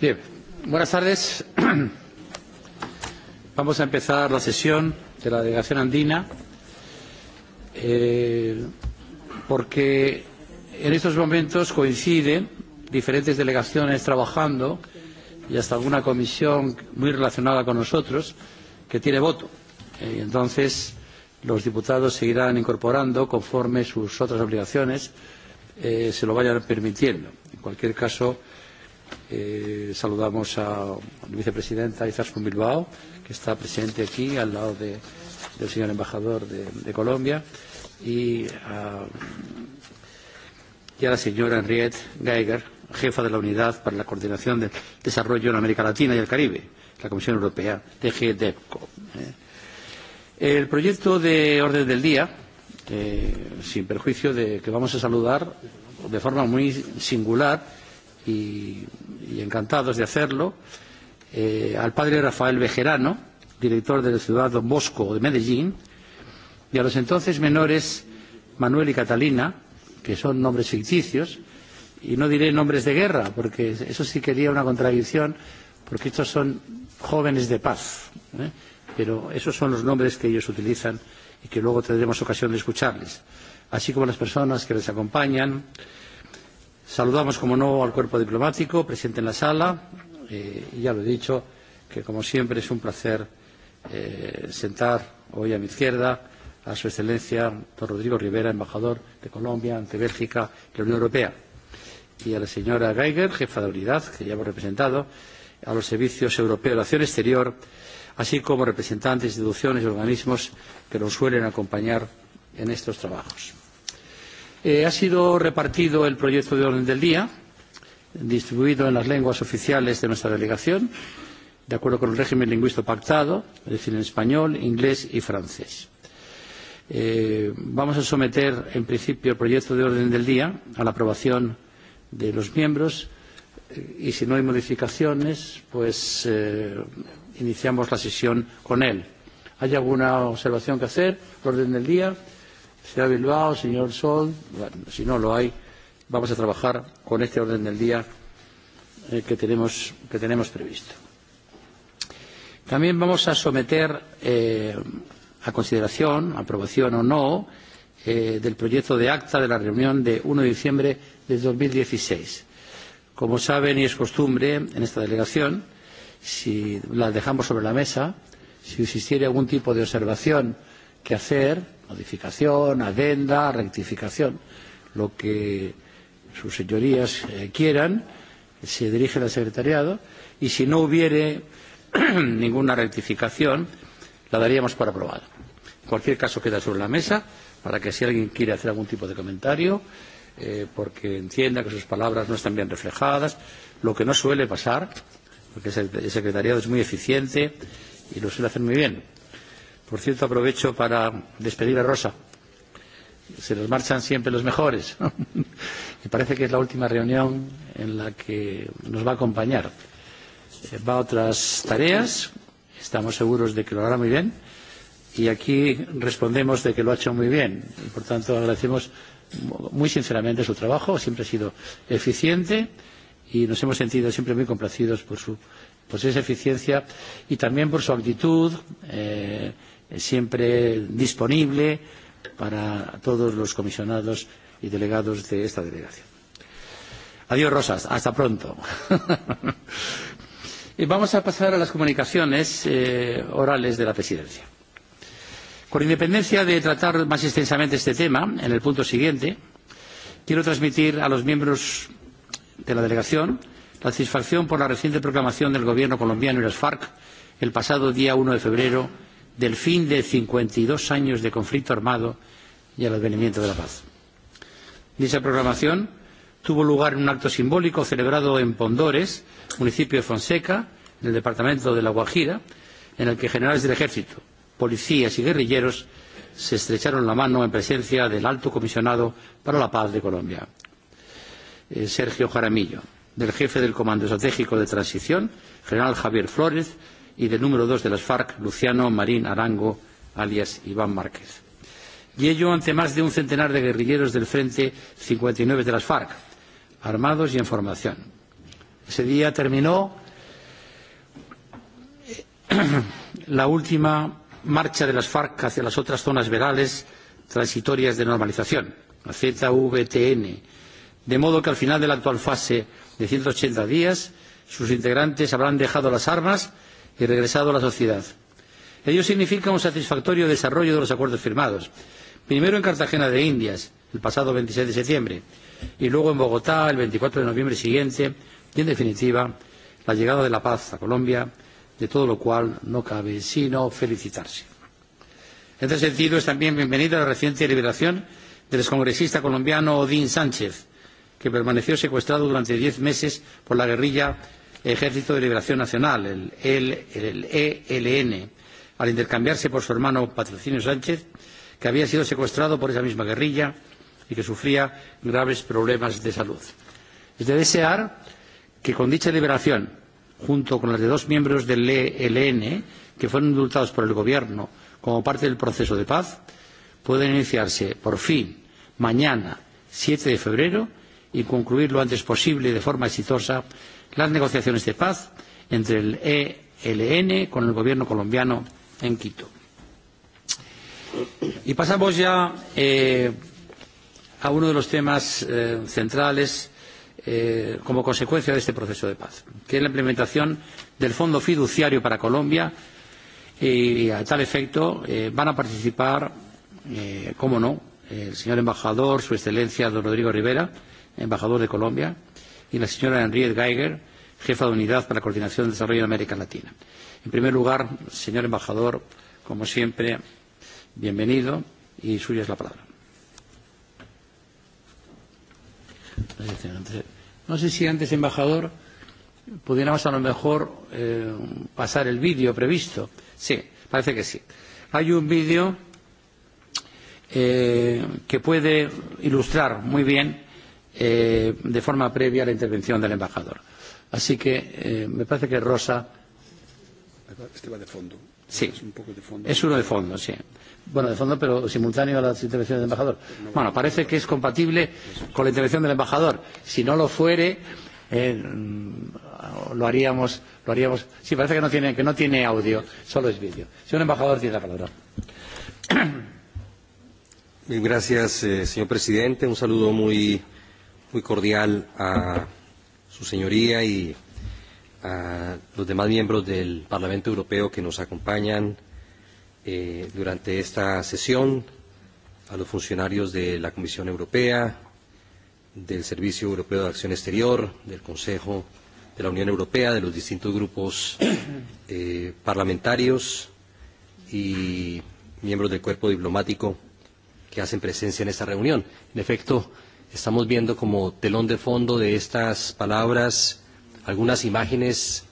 Bien, buenas tardes. Vamos a empezar la sesión de la delegación andina porque en estos momentos coinciden diferentes delegaciones trabajando y hasta alguna comisión muy relacionada con nosotros que tiene voto. Entonces, los diputados seguirán incorporando conforme sus otras obligaciones se lo vayan permitiendo. En cualquier caso, saludamos a la vicepresidenta Izaskun Bilbao, que está presente aquí al lado del señor embajador de, de Colombia, y a, y a la señora Henriette Geiger, jefa de la Unidad para la Coordinación del Desarrollo en América Latina y el Caribe, la Comisión Europea, DGDEPCO. El proyecto de orden del día, eh, sin perjuicio de que vamos a saludar de forma muy singular, y encantados de hacerlo, al padre Rafael Bejerano, director de la ciudad Don Bosco de Medellín, y a los entonces menores Manuel y Catalina, que son nombres ficticios, y no diré nombres de guerra, porque eso sí quería una contradicción, porque estos son jóvenes de paz, pero esos son los nombres que ellos utilizan y que luego tendremos ocasión de escucharles, así como las personas que les acompañan, Saludamos, como no, al cuerpo diplomático presente en la sala. Ya lo he dicho, que como siempre es un placer sentar hoy a mi izquierda a su excelencia don Rodrigo Rivera, embajador de Colombia ante Bélgica y la Unión Europea, y a la señora Geiger, jefa de unidad, que ya hemos representado, a los servicios europeos de acción exterior, así como representantes de instituciones y organismos que nos suelen acompañar en estos trabajos. Ha sido repartido el proyecto de orden del día, distribuido en las lenguas oficiales de nuestra delegación, de acuerdo con el régimen lingüístico pactado, es decir, en español, inglés y francés. Vamos a someter, en principio, el proyecto de orden del día a la aprobación de los miembros y, si no hay modificaciones, pues iniciamos la sesión con él. ¿Hay alguna observación que hacer? orden del día? Señora Bilbao, señor Sol, si no lo hay, vamos a trabajar con este orden del día que tenemos, previsto. También vamos a someter a consideración, aprobación o no, del proyecto de acta de la reunión de 1 de diciembre de 2016. Como saben y es costumbre en esta delegación, si la dejamos sobre la mesa, si existiera algún tipo de observación que hacer, modificación, adenda, rectificación, lo que sus señorías quieran, se dirige al secretariado y si no hubiere ninguna rectificación, la daríamos por aprobada. En cualquier caso, queda sobre la mesa para que si alguien quiere hacer algún tipo de comentario, porque entienda que sus palabras no están bien reflejadas, lo que no suele pasar, porque el secretariado es muy eficiente y lo suele hacer muy bien Por cierto, aprovecho para despedir a Rosa. Se nos marchan siempre los mejores. Me parece que es la última reunión en la que nos va a acompañar. Va a otras tareas. Estamos seguros de que lo hará muy bien. Y aquí respondemos de que lo ha hecho muy bien. y, Por tanto, agradecemos muy sinceramente su trabajo. Siempre ha sido eficiente y nos hemos sentido siempre muy complacidos por su esa eficiencia y también por su actitud siempre disponible para todos los comisionados y delegados de esta delegación. Adiós, Rosas. Hasta pronto. Y vamos a pasar a las comunicaciones orales de la presidencia. Con independencia de tratar más extensamente este tema, en el punto siguiente, quiero transmitir a los miembros de la delegación la satisfacción por la reciente proclamación del gobierno colombiano y las FARC el pasado día 1 de febrero del fin de 52 años de conflicto armado y el advenimiento de la paz. Dicha programación tuvo lugar en un acto simbólico celebrado en Pondores, municipio de Fonseca, en el departamento de La Guajira, en el que generales del ejército, policías y guerrilleros se estrecharon la mano en presencia del alto comisionado para la paz de Colombia, Sergio Jaramillo, del jefe del Comando Estratégico de Transición, general Javier Flores, y del número dos de las FARC, Luciano Marín Arango, alias Iván Márquez. Y ello ante más de un centenar de guerrilleros del Frente 59 de las FARC, armados y en formación. Ese día terminó la última marcha de las FARC hacia las otras zonas verales transitorias de normalización, la ZVTN, de modo que al final de la actual fase de 180 días sus integrantes habrán dejado las armas y regresado a la sociedad. Ello significa un satisfactorio desarrollo de los acuerdos firmados, primero en Cartagena de Indias, el pasado 26 de septiembre, y luego en Bogotá, el 24 de noviembre siguiente, y en definitiva, la llegada de la paz a Colombia, de todo lo cual no cabe sino felicitarse. En este sentido, es también bienvenida la reciente liberación del excongresista colombiano Odín Sánchez, que permaneció secuestrado durante diez meses por la guerrilla Ejército de Liberación Nacional, el ELN, al intercambiarse por su hermano Patrocinio Sánchez, que había sido secuestrado por esa misma guerrilla y que sufría graves problemas de salud. Es de desear que con dicha liberación, junto con las de dos miembros del ELN, que fueron indultados por el Gobierno como parte del proceso de paz, pueden iniciarse por fin, mañana, 7 de febrero, y concluir lo antes posible de forma exitosa las negociaciones de paz entre el ELN con el gobierno colombiano en Quito. Y pasamos ya a uno de los temas centrales como consecuencia de este proceso de paz, que es la implementación del Fondo Fiduciario para Colombia y a tal efecto van a participar, cómo no, el señor embajador, su excelencia, don Rodrigo Rivera, embajador de Colombia, y la señora Henriette Geiger, jefa de unidad para la coordinación de desarrollo en América Latina. En primer lugar, señor embajador, como siempre, bienvenido y suya es la palabra. No sé si antes, embajador, pudiéramos a lo mejor pasar el vídeo previsto. Sí, parece que sí. Hay un vídeo que puede ilustrar muy bien de forma previa a la intervención del embajador. Así que me parece que Rosa. Este va de fondo. Sí, es, un poco de fondo. es uno de fondo, sí. Bueno, de fondo, pero simultáneo a las intervenciones del embajador. Bueno, parece que es compatible con la intervención del embajador. Si no lo fuere, eh, lo haríamos, lo haríamos. Sí, parece que no tiene, que no tiene audio, solo es vídeo. Señor embajador, tiene la palabra. Gracias, señor presidente. Un saludo muy muy cordial a su señoría y a los demás miembros del Parlamento Europeo que nos acompañan durante esta sesión, a los funcionarios de la Comisión Europea, del Servicio Europeo de Acción Exterior, del Consejo de la Unión Europea, de los distintos grupos parlamentarios y miembros del cuerpo diplomático que hacen presencia en esta reunión. En efecto, estamos viendo como telón de fondo de estas palabras algunas imágenes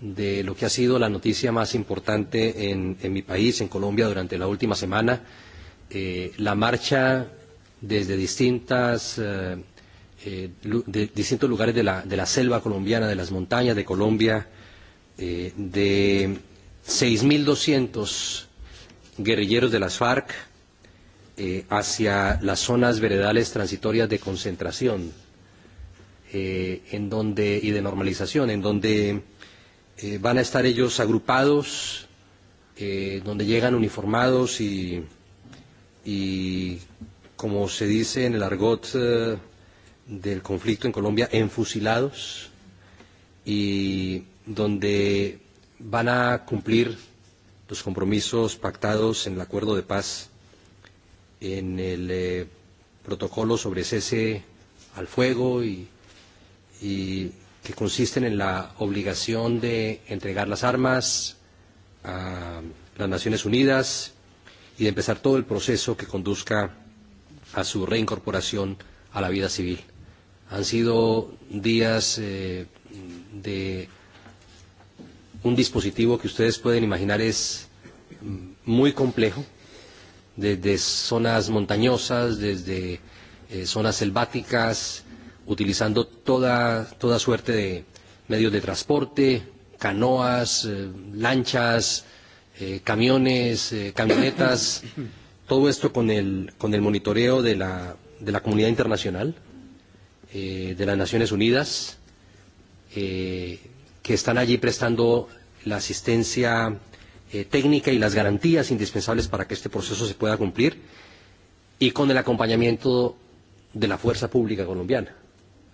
de lo que ha sido la noticia más importante en mi país, en Colombia, durante la última semana, la marcha desde distintas de distintos lugares de la de la selva colombiana, de las montañas de Colombia, de 6.200 guerrilleros de las FARC hacia las zonas veredales transitorias de concentración en donde y de normalización en donde van a estar ellos agrupados donde llegan uniformados y y como se dice en el argot del conflicto en Colombia enfusilados y donde van a cumplir los compromisos pactados en el acuerdo de paz en el protocolo sobre cese al fuego y que consisten en la obligación de entregar las armas a las Naciones Unidas y de empezar todo el proceso que conduzca a su reincorporación a la vida civil. Han sido días de un dispositivo que ustedes pueden imaginar es muy complejo desde zonas montañosas, desde zonas selváticas, utilizando toda toda suerte de medios de transporte, canoas, lanchas, camiones, camionetas, todo esto con el con el monitoreo de la de la comunidad internacional, de las Naciones Unidas, que están allí prestando la asistencia técnica y las garantías indispensables para que este proceso se pueda cumplir y con el acompañamiento de la fuerza pública colombiana.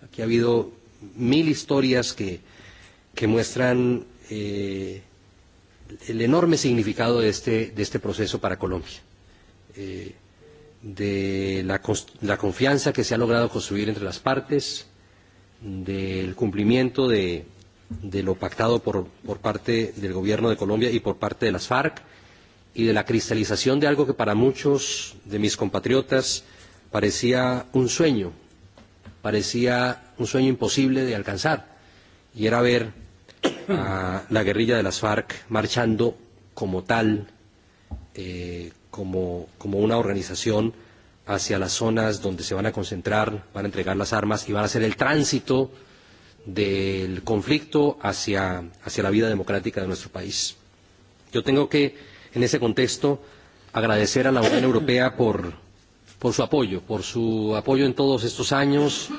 Aquí ha habido mil historias que muestran el enorme significado de este de este proceso para Colombia, de la confianza que se ha logrado construir entre las partes, del cumplimiento de de lo pactado por parte del gobierno de Colombia y por parte de las FARC y de la cristalización de algo que para muchos de mis compatriotas parecía un sueño, parecía un sueño imposible de alcanzar, y era ver a la guerrilla de las FARC marchando como tal, como una organización hacia las zonas donde se van a concentrar, van a entregar las armas y van a hacer el tránsito del conflicto hacia la vida democrática de nuestro país. Yo tengo que, en ese contexto, agradecer a la Unión Europea por su apoyo, por su apoyo en todos estos años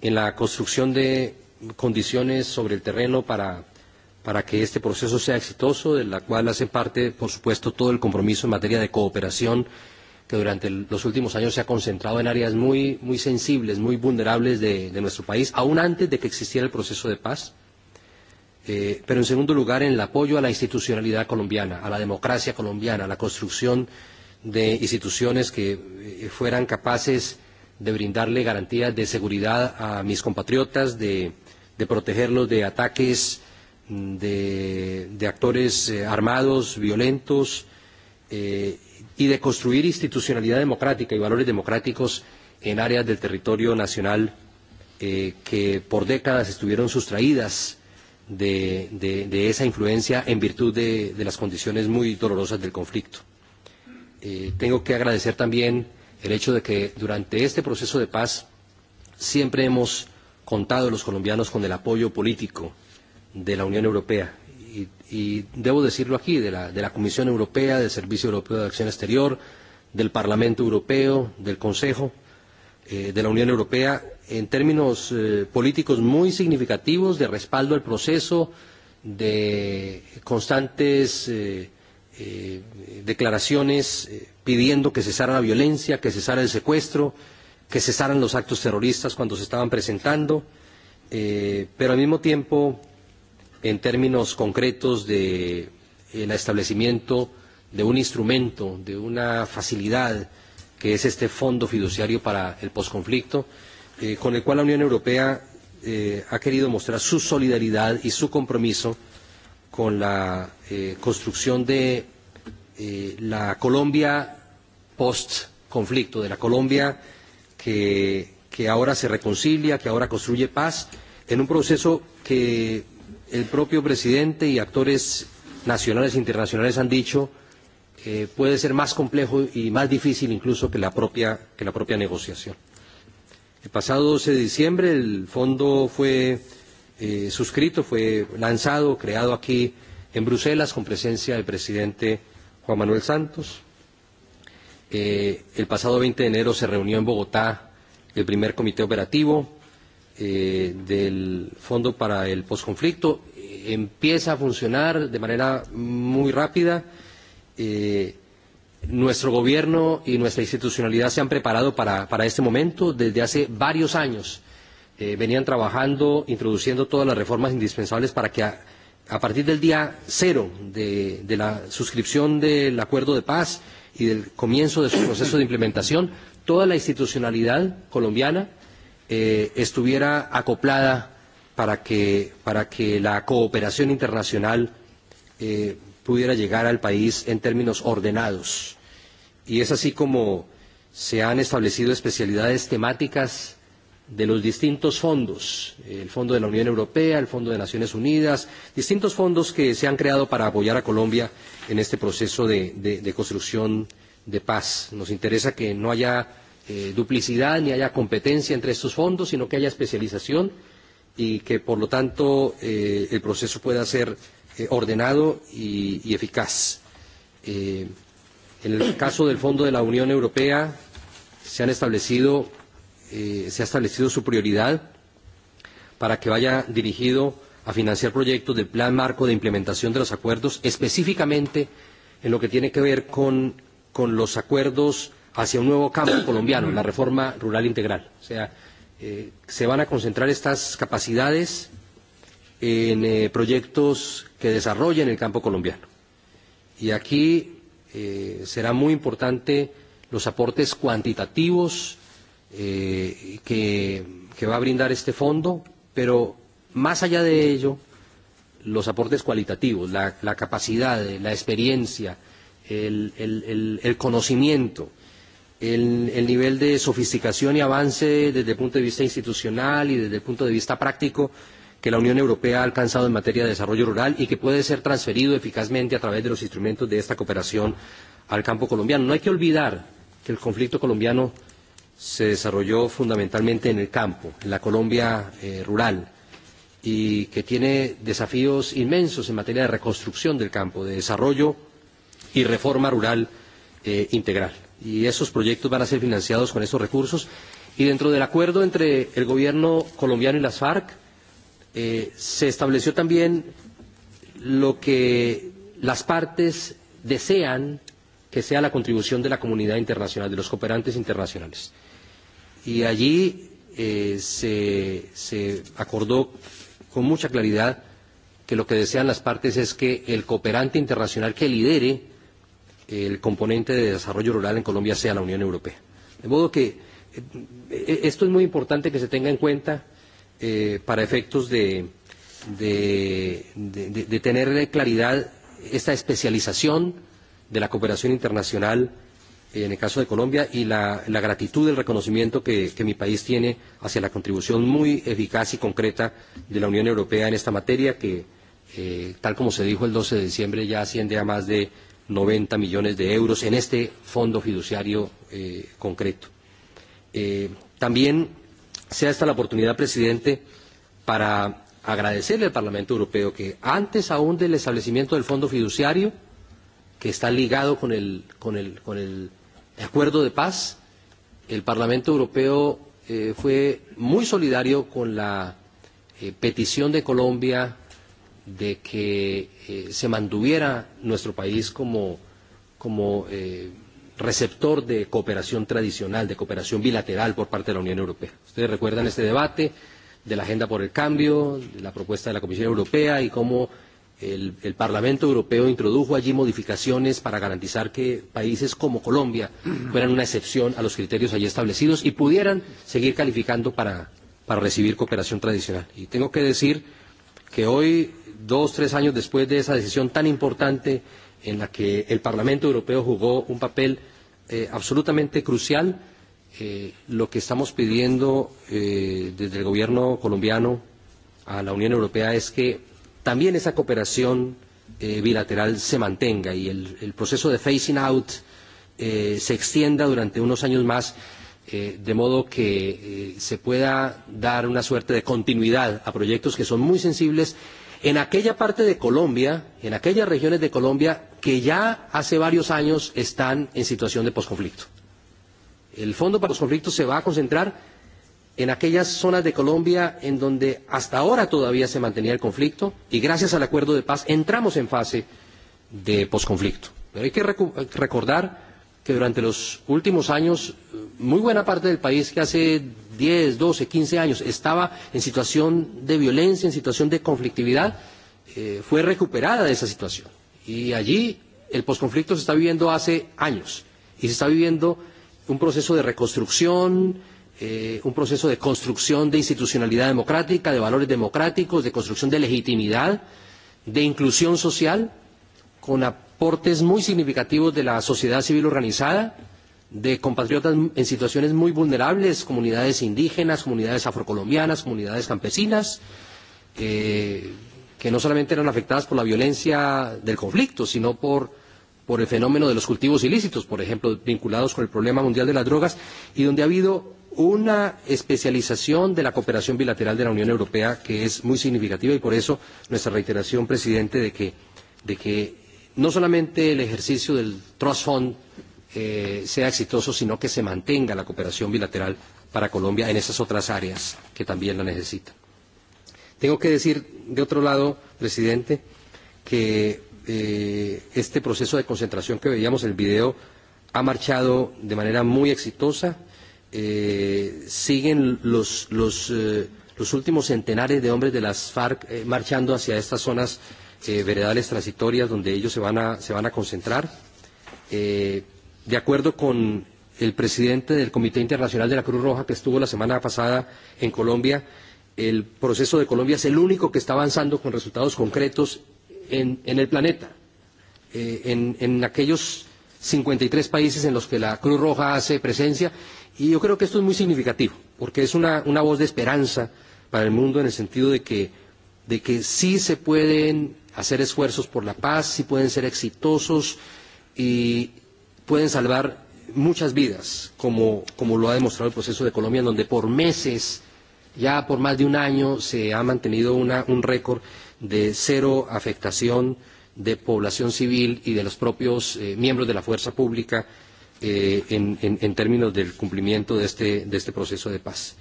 en la construcción de condiciones sobre el terreno para que este proceso sea exitoso, de la cual hace parte, por supuesto, todo el compromiso en materia de cooperación que durante los últimos años se ha concentrado en áreas muy muy sensibles, muy vulnerables de nuestro país, aún antes de que existiera el proceso de paz. Pero, en segundo lugar, en el apoyo a la institucionalidad colombiana, a la democracia colombiana, a la construcción de instituciones que fueran capaces de brindarle garantías de seguridad a mis compatriotas, de protegerlos de ataques de actores armados, violentos y de construir institucionalidad democrática y valores democráticos en áreas del territorio nacional que por décadas estuvieron sustraídas de esa influencia en virtud de las condiciones muy dolorosas del conflicto. Tengo que agradecer también el hecho de que durante este proceso de paz siempre hemos contado los colombianos con el apoyo político de la Unión Europea y debo decirlo aquí, de la de la Comisión Europea, del Servicio Europeo de Acción Exterior, del Parlamento Europeo, del Consejo, de la Unión Europea, en términos políticos muy significativos de respaldo al proceso, de constantes declaraciones pidiendo que cesara la violencia, que cesara el secuestro, que cesaran los actos terroristas cuando se estaban presentando, pero al mismo tiempo en términos concretos del establecimiento de un instrumento, de una facilidad que es este fondo fiduciario para el posconflicto, con el cual la Unión Europea ha querido mostrar su solidaridad y su compromiso con la construcción de la Colombia post-conflicto, de la Colombia que ahora se reconcilia, que ahora construye paz, en un proceso que el propio presidente y actores nacionales e internacionales han dicho que puede ser más complejo y más difícil incluso que la propia que la propia negociación. El pasado 12 de diciembre el fondo fue suscrito, fue lanzado, creado aquí en Bruselas con presencia del presidente Juan Manuel Santos. El pasado 20 de enero se reunió en Bogotá el primer comité operativo del Fondo para el Postconflicto empieza a funcionar de manera muy rápida. Nuestro gobierno y nuestra institucionalidad se han preparado para este momento desde hace varios años. Venían trabajando, introduciendo todas las reformas indispensables para que a partir del día cero de la suscripción del acuerdo de paz y del comienzo de su proceso de implementación, toda la institucionalidad colombiana estuviera acoplada para que la cooperación internacional pudiera llegar al país en términos ordenados. Y es así como se han establecido especialidades temáticas de los distintos fondos, el Fondo de la Unión Europea, el Fondo de Naciones Unidas, distintos fondos que se han creado para apoyar a Colombia en este proceso de construcción de paz. Nos interesa que no haya duplicidad ni haya competencia entre estos fondos, sino que haya especialización y que, por lo tanto, el proceso pueda ser ordenado y eficaz. En el caso del Fondo de la Unión Europea, se han establecido se ha establecido su prioridad para que vaya dirigido a financiar proyectos del plan marco de implementación de los acuerdos, específicamente en lo que tiene que ver con los acuerdos hacia un nuevo campo colombiano, la reforma rural integral. O sea, se van a concentrar estas capacidades en proyectos que desarrollen el campo colombiano. Y aquí será muy importante los aportes cuantitativos que va a brindar este fondo, pero más allá de ello, los aportes cualitativos, la capacidad, la experiencia, el conocimiento el nivel de sofisticación y avance desde el punto de vista institucional y desde el punto de vista práctico que la Unión Europea ha alcanzado en materia de desarrollo rural y que puede ser transferido eficazmente a través de los instrumentos de esta cooperación al campo colombiano. No hay que olvidar que el conflicto colombiano se desarrolló fundamentalmente en el campo, en la Colombia rural, y que tiene desafíos inmensos en materia de reconstrucción del campo, de desarrollo y reforma rural integral y esos proyectos van a ser financiados con esos recursos. Y dentro del acuerdo entre el gobierno colombiano y las FARC se estableció también lo que las partes desean que sea la contribución de la comunidad internacional, de los cooperantes internacionales. Y allí se acordó con mucha claridad que lo que desean las partes es que el cooperante internacional que lidere el componente de desarrollo rural en Colombia sea la Unión Europea. De modo que esto es muy importante que se tenga en cuenta para efectos de tener claridad esta especialización de la cooperación internacional en el caso de Colombia y la gratitud el reconocimiento que mi país tiene hacia la contribución muy eficaz y concreta de la Unión Europea en esta materia que, tal como se dijo el 12 de diciembre, ya asciende a más de 90 millones de euros en este fondo fiduciario concreto. También sea esta la oportunidad, presidente, para agradecerle al Parlamento Europeo que antes aún del establecimiento del fondo fiduciario, que está ligado con el acuerdo de paz, el Parlamento Europeo fue muy solidario con la petición de Colombia de que se mantuviera nuestro país como receptor de cooperación tradicional, de cooperación bilateral por parte de la Unión Europea. Ustedes recuerdan este debate de la Agenda por el Cambio, de la propuesta de la Comisión Europea y cómo el Parlamento Europeo introdujo allí modificaciones para garantizar que países como Colombia fueran una excepción a los criterios allí establecidos y pudieran seguir calificando para recibir cooperación tradicional. Y tengo que decir que hoy dos, tres años después de esa decisión tan importante en la que el Parlamento Europeo jugó un papel absolutamente crucial, lo que estamos pidiendo desde el gobierno colombiano a la Unión Europea es que también esa cooperación bilateral se mantenga y el proceso de phasing out se extienda durante unos años más de modo que se pueda dar una suerte de continuidad a proyectos que son muy sensibles en aquella parte de Colombia, en aquellas regiones de Colombia que ya hace varios años están en situación de posconflicto. El Fondo para los Conflictos se va a concentrar en aquellas zonas de Colombia en donde hasta ahora todavía se mantenía el conflicto y gracias al acuerdo de paz entramos en fase de posconflicto. Pero hay que recordar que durante los últimos años muy buena parte del país que hace 10, 12, 15 años estaba en situación de violencia, en situación de conflictividad, fue recuperada de esa situación. Y allí el posconflicto se está viviendo hace años y se está viviendo un proceso de reconstrucción, un proceso de construcción de institucionalidad democrática, de valores democráticos, de construcción de legitimidad, de inclusión social, con aportes muy significativos de la sociedad civil organizada, de compatriotas en situaciones muy vulnerables, comunidades indígenas, comunidades afrocolombianas, comunidades campesinas, que no solamente eran afectadas por la violencia del conflicto, sino por por el fenómeno de los cultivos ilícitos, por ejemplo, vinculados con el problema mundial de las drogas, y donde ha habido una especialización de la cooperación bilateral de la Unión Europea que es muy significativa y por eso nuestra reiteración, presidente, de que no solamente el ejercicio del Trust Fund sea exitoso, sino que se mantenga la cooperación bilateral para Colombia en esas otras áreas que también la necesitan. Tengo que decir, de otro lado, presidente, que este proceso de concentración que veíamos en el video ha marchado de manera muy exitosa. Siguen los últimos centenares de hombres de las FARC marchando hacia estas zonas veredales transitorias donde ellos se van a, se van a concentrar. Eh, de acuerdo con el presidente del Comité Internacional de la Cruz Roja que estuvo la semana pasada en Colombia, el proceso de Colombia es el único que está avanzando con resultados concretos en, en el planeta. Eh, en, en aquellos 53 países en los que la Cruz Roja hace presencia y yo creo que esto es muy significativo porque es una, una voz de esperanza para el mundo en el sentido de que, de que sí se pueden hacer esfuerzos por la paz, sí pueden ser exitosos y pueden salvar muchas vidas, como lo ha demostrado el proceso de Colombia, donde por meses, ya por más de un año, se ha mantenido un récord de cero afectación de población civil y de los propios miembros de la fuerza pública en términos del cumplimiento de este proceso de paz.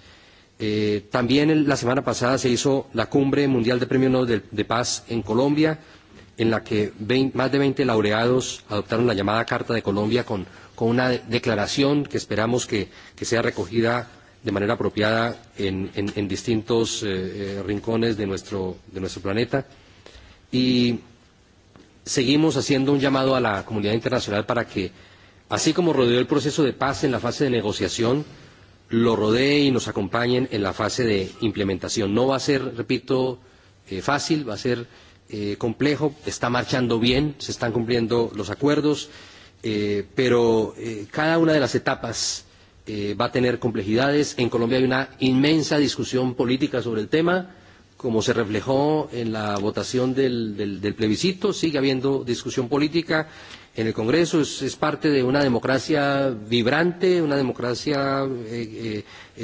También la semana pasada se hizo la Cumbre Mundial de Premios Nobel de Paz en Colombia, en la que más de 20 laureados adoptaron la llamada Carta de Colombia con una declaración que esperamos que sea recogida de manera apropiada en distintos rincones de nuestro planeta. Y seguimos haciendo un llamado a la comunidad internacional para que, así como rodeó el proceso de paz en la fase de negociación, lo rodee y nos acompañen en la fase de implementación. No va a ser, repito, fácil, va a ser complejo, está marchando bien, se están cumpliendo los acuerdos, pero cada una de las etapas va a tener complejidades. En Colombia hay una inmensa discusión política sobre el tema como se reflejó en la votación del plebiscito, sigue habiendo discusión política en el Congreso, es parte de una democracia vibrante, una democracia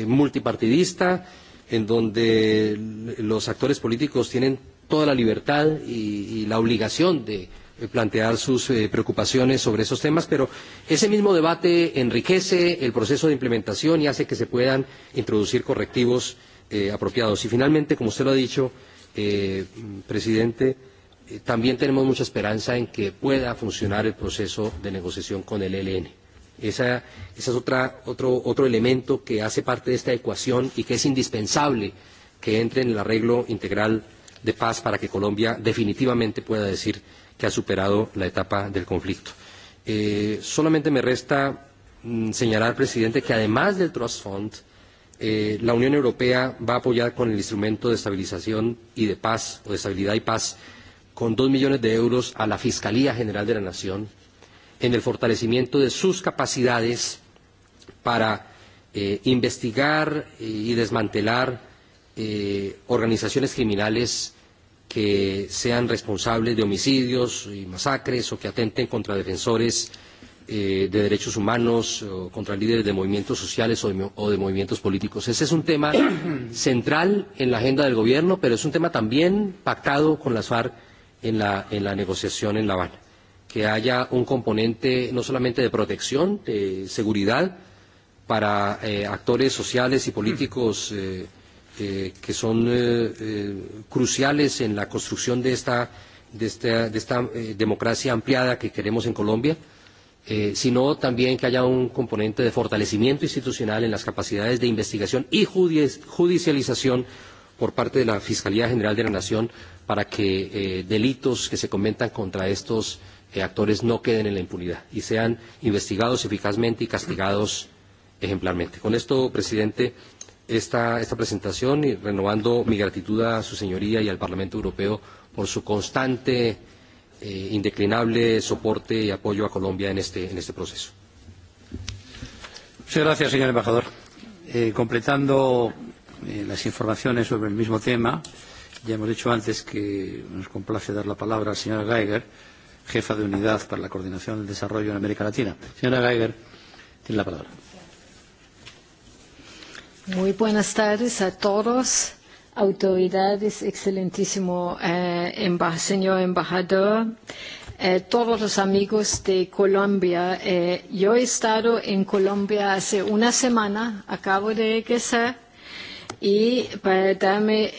multipartidista, en donde los actores políticos tienen toda la libertad y la obligación de plantear sus preocupaciones sobre esos temas, pero ese mismo debate enriquece el proceso de implementación y hace que se puedan introducir correctivos apropiados. Y finalmente, como usted lo ha dicho, presidente, también tenemos mucha esperanza en que pueda funcionar el proceso de negociación con el ELN. Ese es otro elemento que hace parte de esta ecuación y que es indispensable que entre en el arreglo integral de paz para que Colombia definitivamente pueda decir que ha superado la etapa del conflicto. Solamente me resta señalar, presidente, que además del Trust Fund, la Unión Europea va a apoyar con el instrumento de estabilización y de paz o de estabilidad y paz con dos millones de euros a la Fiscalía General de la Nación en el fortalecimiento de sus capacidades para investigar y desmantelar organizaciones criminales que sean responsables de homicidios y masacres o que atenten contra defensores de derechos humanos contra líderes de movimientos sociales o de movimientos políticos. Ese es un tema central en la agenda del gobierno, pero es un tema también pactado con las FARC en la negociación en La Habana. Que haya un componente no solamente de protección, de seguridad para actores sociales y políticos que son cruciales en la construcción de esta democracia ampliada que queremos en Colombia, sino también que haya un componente de fortalecimiento institucional en las capacidades de investigación y judicialización por parte de la Fiscalía General de la Nación para que delitos que se cometan contra estos actores no queden en la impunidad y sean investigados eficazmente y castigados ejemplarmente. Con esto, presidente, esta presentación y renovando mi gratitud a su señoría y al Parlamento Europeo por su constante indeclinable soporte y apoyo a Colombia en este proceso. Muchas gracias, señor embajador. Completando las informaciones sobre el mismo tema, ya hemos dicho antes que nos complace dar la palabra a señor señora Geiger, jefa de unidad para la coordinación del desarrollo en América Latina. Señora Geiger, tiene la palabra. Muy buenas tardes a todos autoridades, excelentísimo señor embajador, todos los amigos de Colombia. Yo he estado en Colombia hace una semana, acabo de regresar y para darme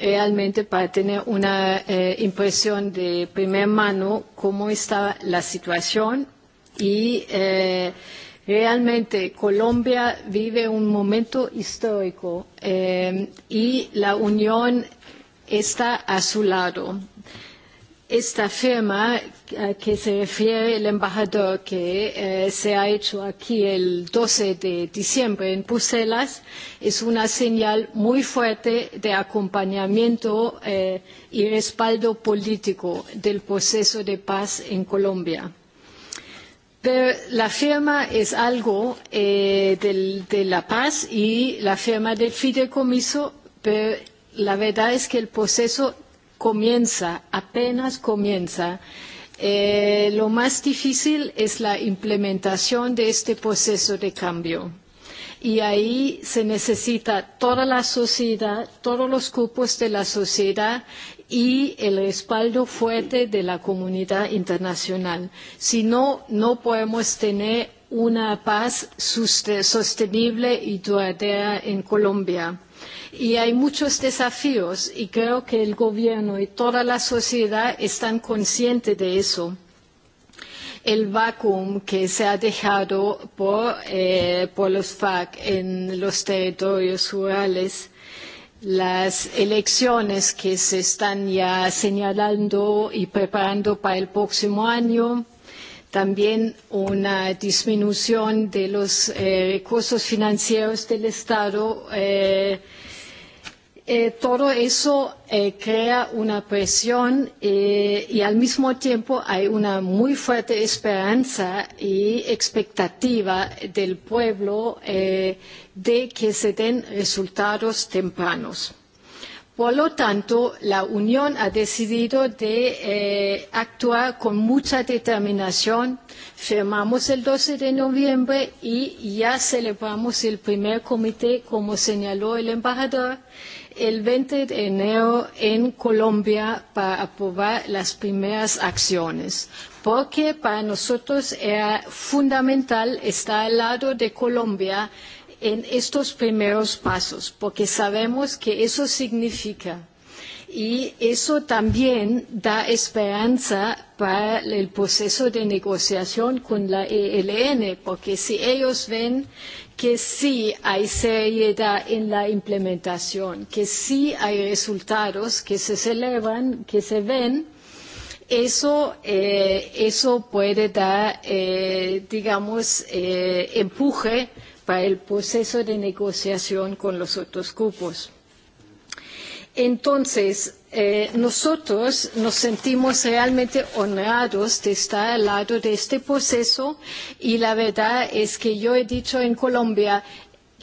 realmente para tener una impresión de primera mano cómo está la situación y Realmente Colombia vive un momento histórico y la Unión está a su lado. Esta firma a que se refiere el embajador que se ha hecho aquí el 12 de diciembre en Bruselas es una señal muy fuerte de acompañamiento y respaldo político del proceso de paz en Colombia. La firma es algo de la paz y la firma del fideicomiso, pero la verdad es que el proceso comienza, apenas comienza. Lo más difícil es la implementación de este proceso de cambio. Y ahí se necesita toda la sociedad, todos los grupos de la sociedad y el respaldo fuerte de la comunidad internacional. Si no, no podemos tener una paz sostenible y duradera en Colombia. Y hay muchos desafíos y creo que el gobierno y toda la sociedad están conscientes de eso el vacuum que se ha dejado por los FARC en los territorios rurales las elecciones que se están ya señalando y preparando para el próximo año, también una disminución de los recursos financieros del Estado todo eso crea una presión y al mismo tiempo hay una muy fuerte esperanza y expectativa del pueblo de que se den resultados tempranos. Por lo tanto, la Unión ha decidido de actuar con mucha determinación. Firmamos el 12 de noviembre y ya celebramos el primer comité, como señaló el embajador el 20 de enero en Colombia para aprobar las primeras acciones, porque para nosotros era fundamental estar al lado de Colombia en estos primeros pasos, porque sabemos que eso significa y eso también da esperanza para el proceso de negociación con la ELN, porque si ellos ven que sí hay seriedad en la implementación, que sí hay resultados que se celebran, que se ven, eso puede dar, digamos, empuje para el proceso de negociación con los otros grupos. Entonces, nosotros nos sentimos realmente honrados de estar al lado de este proceso y la verdad es que yo he dicho en Colombia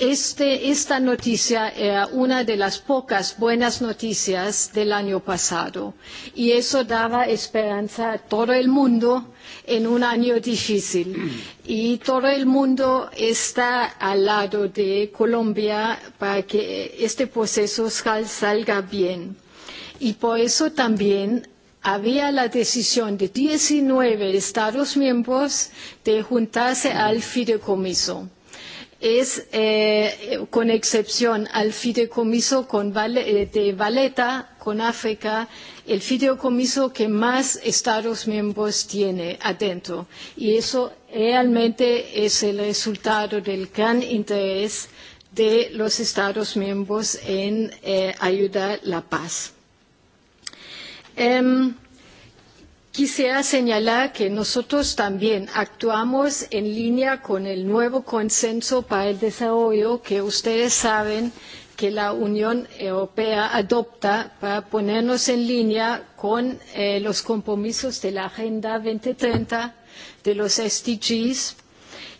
Este, esta noticia era una de las pocas buenas noticias del año pasado y eso daba esperanza a todo el mundo en un año difícil. Y todo el mundo está al lado de Colombia para que este proceso salga bien. Y por eso también había la decisión de 19 Estados miembros de juntarse al fideicomiso es con excepción al fideicomiso de Valeta con África el fideicomiso que más estados miembros tiene adentro y eso realmente es el resultado del gran interés de los estados miembros en ayudar la paz. Quisiera señalar que nosotros también actuamos en línea con el nuevo consenso para el desarrollo que ustedes saben que la Unión Europea adopta para ponernos en línea con los compromisos de la Agenda 2030, de los SDGs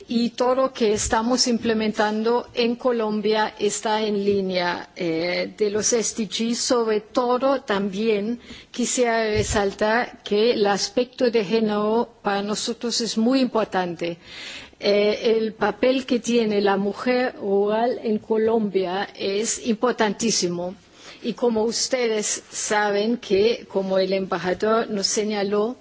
y todo lo que estamos implementando en Colombia está en línea de los SDGs. Sobre todo, también quisiera resaltar que el aspecto de género para nosotros es muy importante. El papel que tiene la mujer rural en Colombia es importantísimo. Y como ustedes saben que, como el embajador nos señaló,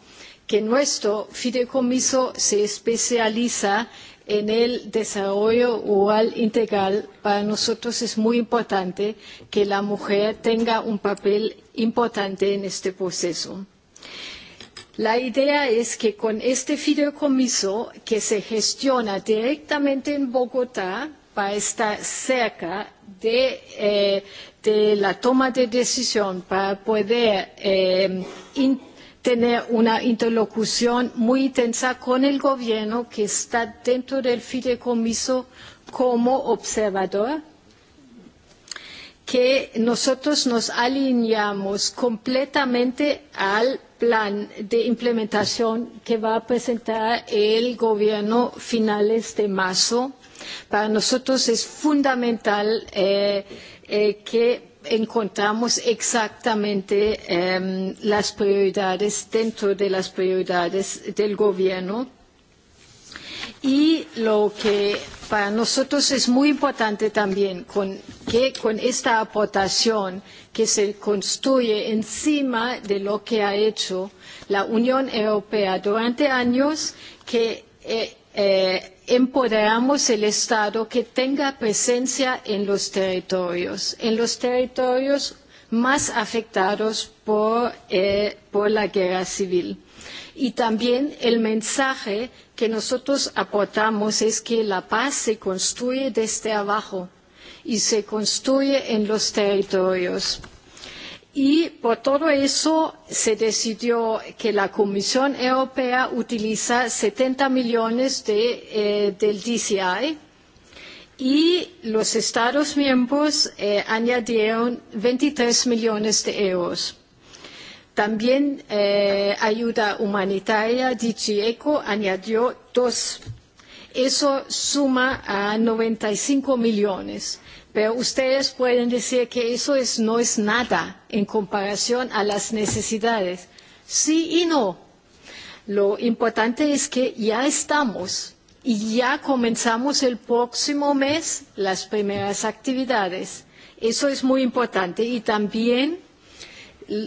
que nuestro fideicomiso se especializa en el desarrollo rural integral, para nosotros es muy importante que la mujer tenga un papel importante en este proceso. La idea es que con este fideicomiso que se gestiona directamente en Bogotá para estar cerca de la toma de decisión, para poder tener una interlocución muy intensa con el gobierno que está dentro del fideicomiso como observador, que nosotros nos alineamos completamente al plan de implementación que va a presentar el gobierno finales de marzo. Para nosotros es fundamental que encontramos exactamente las prioridades dentro de las prioridades del gobierno y lo que para nosotros es muy importante también que con esta aportación que se construye encima de lo que ha hecho la Unión Europea durante años que empoderamos el Estado que tenga presencia en los territorios, en los territorios más afectados por la guerra civil. Y también el mensaje que nosotros aportamos es que la paz se construye desde abajo y se construye en los territorios Y por todo eso se decidió que la Comisión Europea utiliza 70 millones del DCI y los Estados miembros añadieron 23 millones de euros. También ayuda humanitaria, DigiEco añadió dos Eso suma a 95 millones Pero ustedes pueden decir que eso no es nada en comparación a las necesidades. Sí y no. Lo importante es que ya estamos y ya comenzamos el próximo mes las primeras actividades. Eso es muy importante. Y también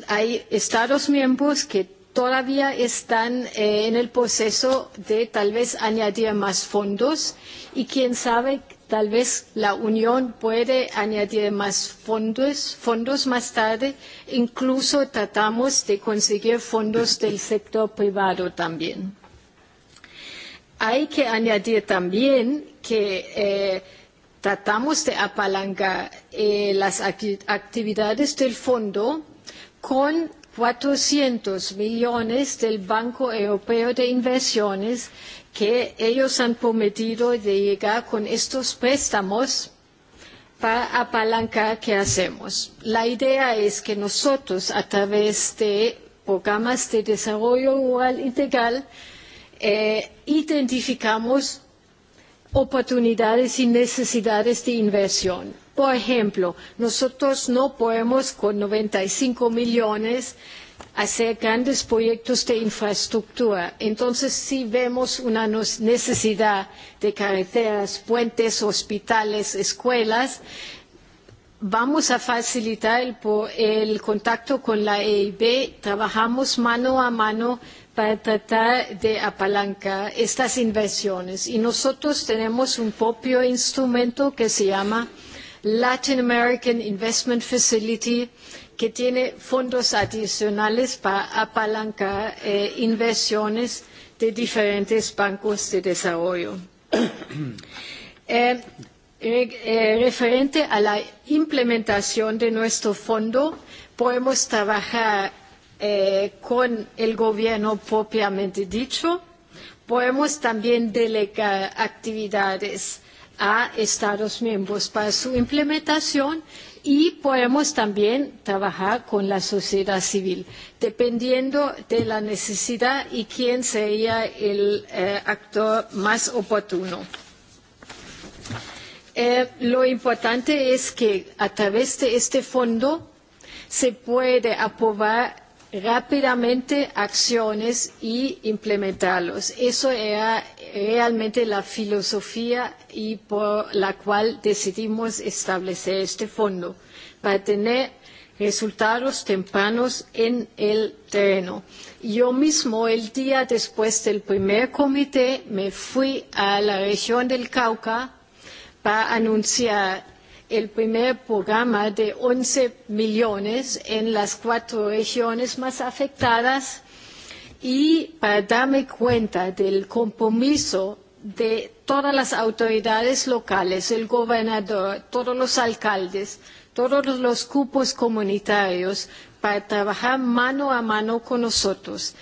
hay Estados miembros que todavía están en el proceso de tal vez añadir más fondos y quién sabe Tal vez la Unión puede añadir más fondos, fondos más tarde. Incluso tratamos de conseguir fondos del sector privado también. Hay que añadir también que tratamos de apalancar las actividades del fondo con 400 millones del Banco Europeo de Inversiones que ellos han prometido de llegar con estos préstamos para apalancar qué hacemos. La idea es que nosotros, a través de programas de desarrollo rural integral, identificamos oportunidades y necesidades de inversión. Por ejemplo, nosotros no podemos con 95 millones grandes proyectos de infraestructura. Entonces, sí vemos una necesidad de carreteras, puentes, hospitales, escuelas. Vamos a facilitar el contacto con la EIB. Trabajamos mano a mano para tratar de apalancar estas inversiones. Y nosotros tenemos un propio instrumento que se llama Latin American Investment Facility que tiene fondos adicionales para apalancar inversiones de diferentes bancos de desarrollo. Referente a la implementación de nuestro fondo, podemos trabajar con el gobierno propiamente dicho. Podemos también delegar actividades a Estados miembros para su implementación y podemos también trabajar con la sociedad civil dependiendo de la necesidad y quién sería el actor más oportuno. Lo importante es que a través de este fondo se puede aprobar rápidamente acciones y implementarlos. Eso era realmente la filosofía y por la cual decidimos establecer este fondo, para tener resultados tempranos en el terreno. Yo mismo, el día después del primer comité, me fui a la región del Cauca para anunciar el primer programa de 11 millones en las cuatro regiones más afectadas y para darme cuenta del compromiso de todas las autoridades locales, el gobernador, todos los alcaldes, todos los cúpos comunitarios, para trabajar mano a mano con nosotros.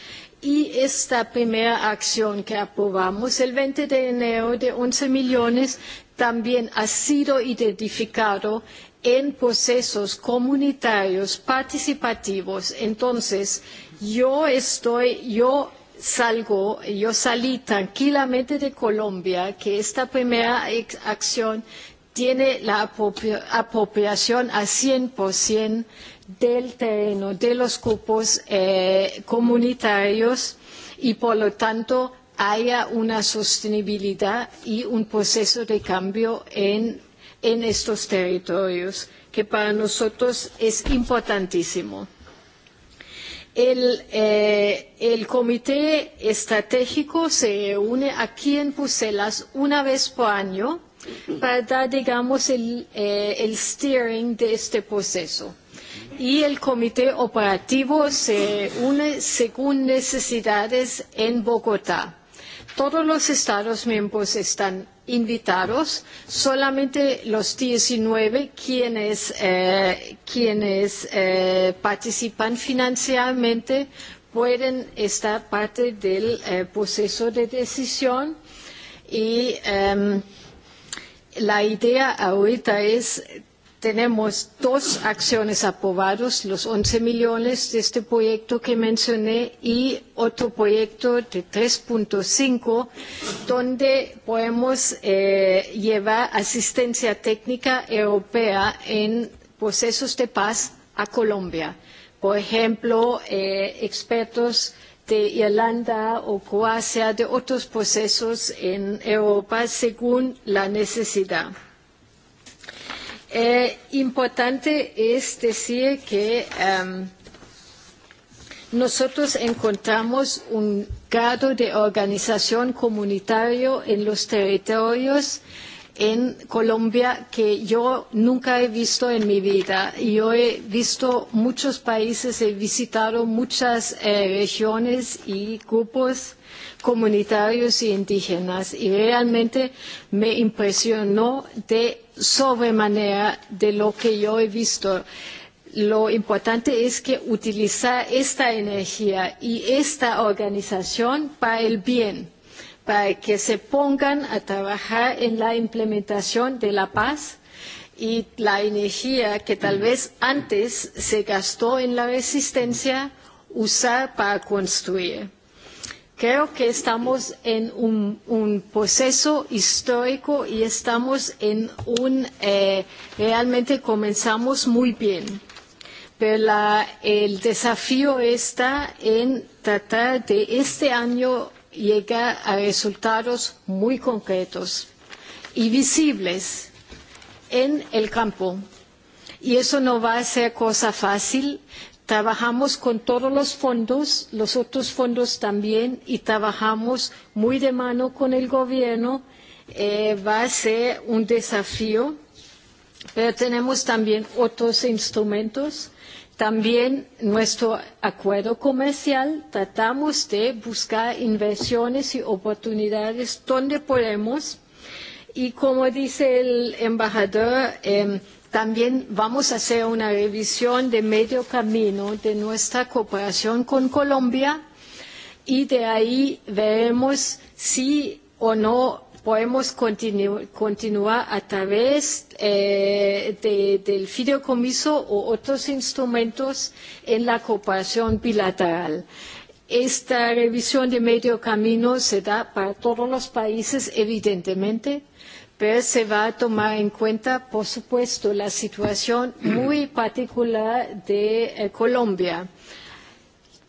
Y esta primera acción que aprobamos el 20 de enero de 11 millones también ha sido identificado en procesos comunitarios participativos. Entonces, yo estoy, yo salgo, yo salí tranquilamente de Colombia, que esta primera acción tiene la apropiación al 100% del terreno de los grupos comunitarios y, por lo tanto, haya una sostenibilidad y un proceso de cambio en estos territorios, que para nosotros es importantísimo. El Comité Estratégico se reúne aquí en Bruselas una vez por año para dar, digamos, el steering de este proceso. Y el Comité Operativo se une según necesidades en Bogotá todos los Estados miembros están invitados, solamente los 19 quienes participan financieramente pueden estar parte del proceso de decisión y la idea ahorita es Tenemos dos acciones aprobadas, los 11 millones de este proyecto que mencioné y otro proyecto de 3.5, donde podemos llevar asistencia técnica europea en procesos de paz a Colombia. Por ejemplo, expertos de Irlanda o Croacia, de otros procesos en Europa, según la necesidad. Importante es decir que nosotros encontramos un grado de organización comunitario en los territorios en Colombia que yo nunca he visto en mi vida. Yo he visto muchos países, he visitado muchas regiones y grupos comunitarios indígenas y realmente me impresionó de sobremanera de lo que yo he visto. Lo importante es que utilizar esta energía y esta organización para el bien, para que se pongan a trabajar en la implementación de la paz y la energía que tal vez antes se gastó en la resistencia, usar para construir. Creo que estamos en un proceso histórico y estamos en un realmente comenzamos muy bien, pero el desafío está en tratar de este año llegar a resultados muy concretos y visibles en el campo. Y eso no va a ser cosa fácil, Trabajamos con todos los fondos, los otros fondos también, y trabajamos muy de mano con el gobierno. Va a ser un desafío, pero tenemos también otros instrumentos. También nuestro acuerdo comercial tratamos de buscar inversiones y oportunidades donde podemos. Y como dice el embajador, También vamos a hacer una revisión de medio camino de nuestra cooperación con Colombia y de ahí veremos si o no podemos continuar a través del fideicomiso o otros instrumentos en la cooperación bilateral. Esta revisión de medio camino se da para todos los países, evidentemente pero se va a tomar en cuenta, por supuesto, la situación muy particular de Colombia.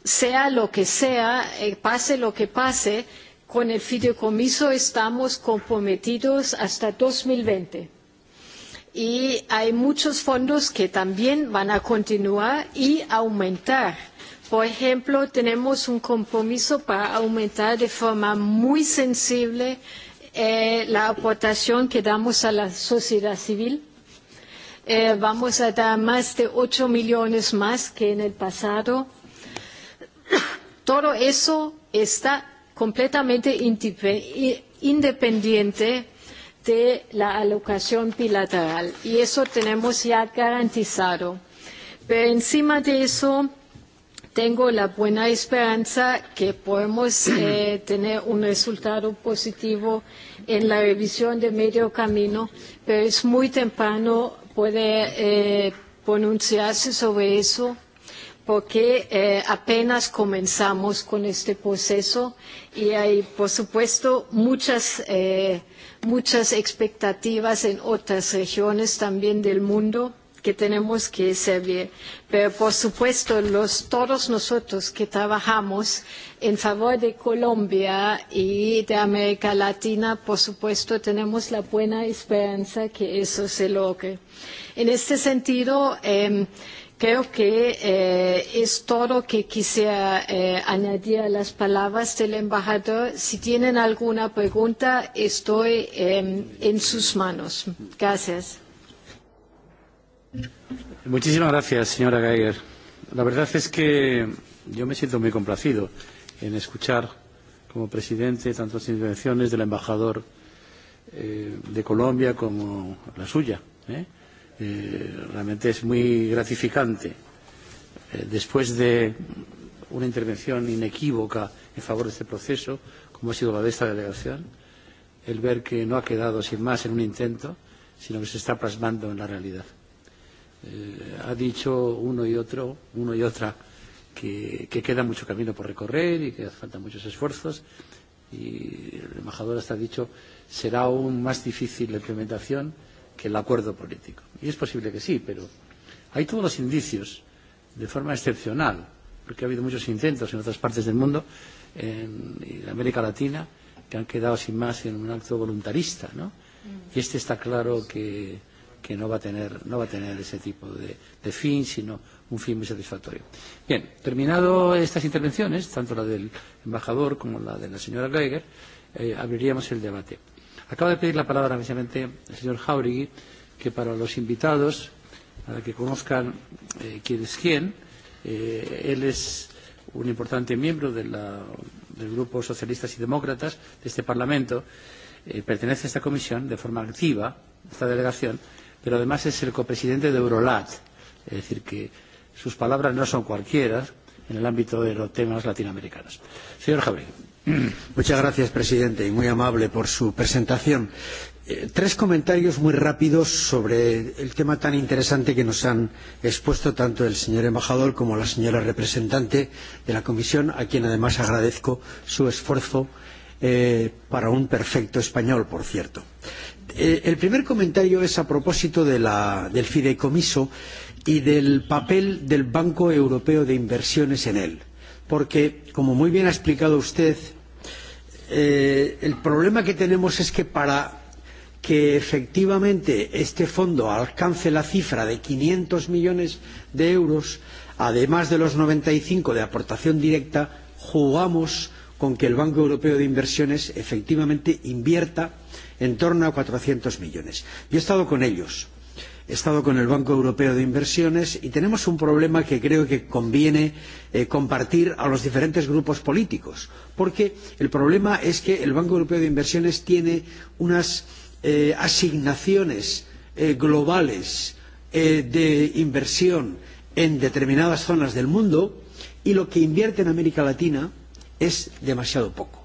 Sea lo que sea, pase lo que pase, con el fideicomiso estamos comprometidos hasta 2020. Y hay muchos fondos que también van a continuar y aumentar. Por ejemplo, tenemos un compromiso para aumentar de forma muy sensible la aportación que damos a la sociedad civil. Vamos a dar más de 8 millones más que en el pasado. Todo eso está completamente independiente de la alocación bilateral y eso tenemos ya garantizado. Pero encima de eso tengo la buena esperanza que podemos tener un resultado positivo en la revisión de medio camino, pero es muy temprano poder pronunciarse sobre eso porque apenas comenzamos con este proceso y hay, por supuesto, muchas muchas expectativas en otras regiones también del mundo que tenemos que servir. Pero, por supuesto, los todos nosotros que trabajamos en favor de Colombia y de América Latina, por supuesto, tenemos la buena esperanza que eso se logre. En este sentido, creo que es todo que quisiera añadir a las palabras del embajador. Si tienen alguna pregunta, estoy en sus manos. Gracias. Muchísimas gracias, señora Geiger. La verdad es que yo me siento muy complacido en escuchar como presidente tantas intervenciones del embajador de Colombia como la suya. Realmente es muy gratificante, después de una intervención inequívoca en favor de este proceso, como ha sido la de esta delegación, el ver que no ha quedado sin más en un intento, sino que se está plasmando en la realidad ha dicho uno y otro, uno y otra, que, que queda mucho camino por recorrer y que hace falta muchos esfuerzos. Y el embajador hasta ha dicho será aún más difícil la implementación que el acuerdo político. Y es posible que sí, pero hay todos los indicios, de forma excepcional, porque ha habido muchos intentos en otras partes del mundo, en América Latina, que han quedado sin más en un acto voluntarista. ¿no? Y este está claro que que no va a tener, no va a tener ese tipo de, de fin, sino un fin muy satisfactorio. Bien, terminado estas intervenciones, tanto la del embajador como la de la señora Geiger, eh, abriríamos el debate. Acaba de pedir la palabra precisamente el señor Jauregui, que para los invitados, para que conozcan eh, quién es quién, eh, él es un importante miembro de la, del Grupo Socialistas y Demócratas de este Parlamento, eh, pertenece a esta comisión de forma activa, esta delegación, pero además es el copresidente de Eurolat. Es decir, que sus palabras no son cualquiera en el ámbito de los temas latinoamericanos. Señor Javier. Muchas gracias, presidente, y muy amable por su presentación. Tres comentarios muy rápidos sobre el tema tan interesante que nos han expuesto tanto el señor embajador como la señora representante de la Comisión, a quien además agradezco su esfuerzo para un perfecto español, por cierto. El primer comentario es a propósito del fideicomiso y del papel del Banco Europeo de Inversiones en él, porque, como muy bien ha explicado usted, el problema que tenemos es que para que efectivamente este fondo alcance la cifra de 500 millones de euros, además de los 95 de aportación directa, jugamos con que el Banco Europeo de Inversiones efectivamente invierta en torno a 400 millones. Yo he estado con ellos, he estado con el Banco Europeo de Inversiones y tenemos un problema que creo que conviene compartir a los diferentes grupos políticos, porque el problema es que el Banco Europeo de Inversiones tiene unas asignaciones globales de inversión en determinadas zonas del mundo y lo que invierte en América Latina es demasiado poco.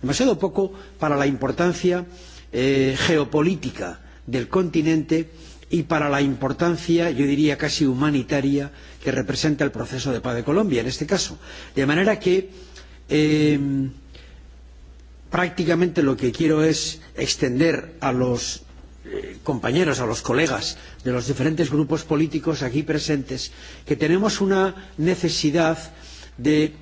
Demasiado poco para la importancia geopolítica del continente y para la importancia, yo diría casi humanitaria, que representa el proceso de paz de Colombia, en este caso. De manera que prácticamente lo que quiero es extender a los compañeros, a los colegas de los diferentes grupos políticos aquí presentes, que tenemos una necesidad de,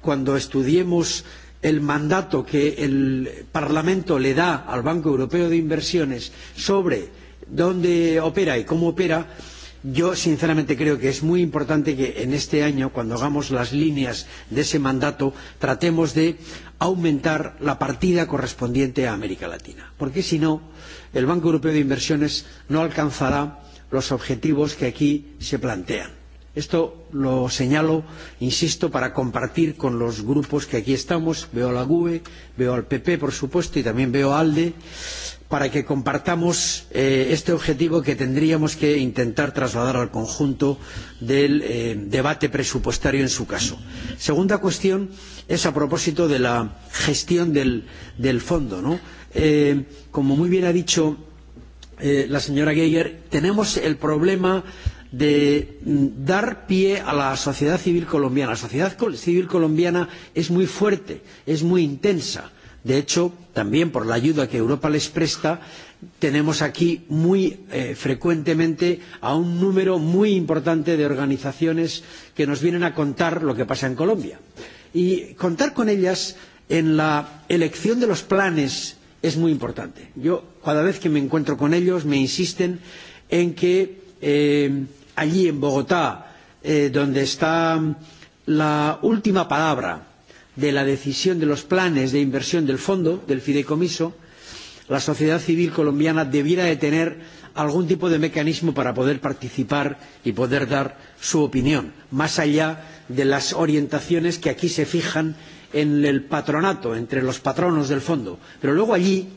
cuando estudiemos el mandato que el Parlamento le da al Banco Europeo de Inversiones sobre dónde opera y cómo opera, yo sinceramente creo que es muy importante que en este año, cuando hagamos las líneas de ese mandato, tratemos de aumentar la partida correspondiente a América Latina, porque si no, el Banco Europeo de Inversiones no alcanzará los objetivos que aquí se plantean Esto lo señalo, insisto, para compartir con los grupos que aquí estamos, veo a la GUE, veo al PP, por supuesto, y también veo a ALDE, para que compartamos este objetivo que tendríamos que intentar trasladar al conjunto del debate presupuestario en su caso. Segunda cuestión es a propósito de la gestión del fondo. Como muy bien ha dicho la señora Geiger, tenemos el problema de dar pie a la sociedad civil colombiana. La sociedad civil colombiana es muy fuerte, es muy intensa. De hecho, también por la ayuda que Europa les presta, tenemos aquí muy frecuentemente a un número muy importante de organizaciones que nos vienen a contar lo que pasa en Colombia. Y contar con ellas en la elección de los planes es muy importante. Yo, cada vez que me encuentro con ellos, me insisten en que allí en Bogotá, donde está la última palabra de la decisión de los planes de inversión del fondo, del fideicomiso, la sociedad civil colombiana debiera de tener algún tipo de mecanismo para poder participar y poder dar su opinión, más allá de las orientaciones que aquí se fijan en el patronato, entre los patronos del fondo. Pero luego allí,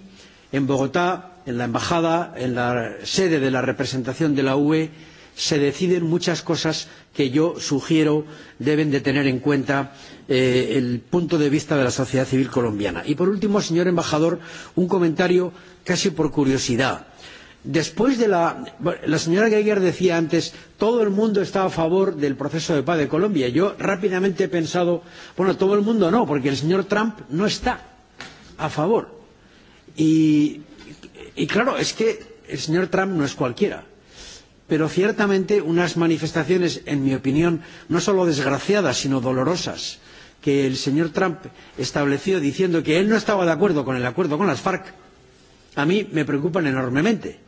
en Bogotá, en la embajada, en la sede de la representación de la UE, se deciden muchas cosas que yo sugiero deben de tener en cuenta el punto de vista de la sociedad civil colombiana. Y por último, señor embajador, un comentario casi por curiosidad. Después de la la señora Geiger decía antes todo el mundo está a favor del proceso de paz de Colombia. Yo rápidamente he pensado, bueno, todo el mundo no, porque el señor Trump no está a favor. Y claro, es que el señor Trump no es cualquiera pero ciertamente unas manifestaciones, en mi opinión, no solo desgraciadas, sino dolorosas, que el señor Trump estableció diciendo que él no estaba de acuerdo con el acuerdo con las FARC, a mí me preocupan enormemente.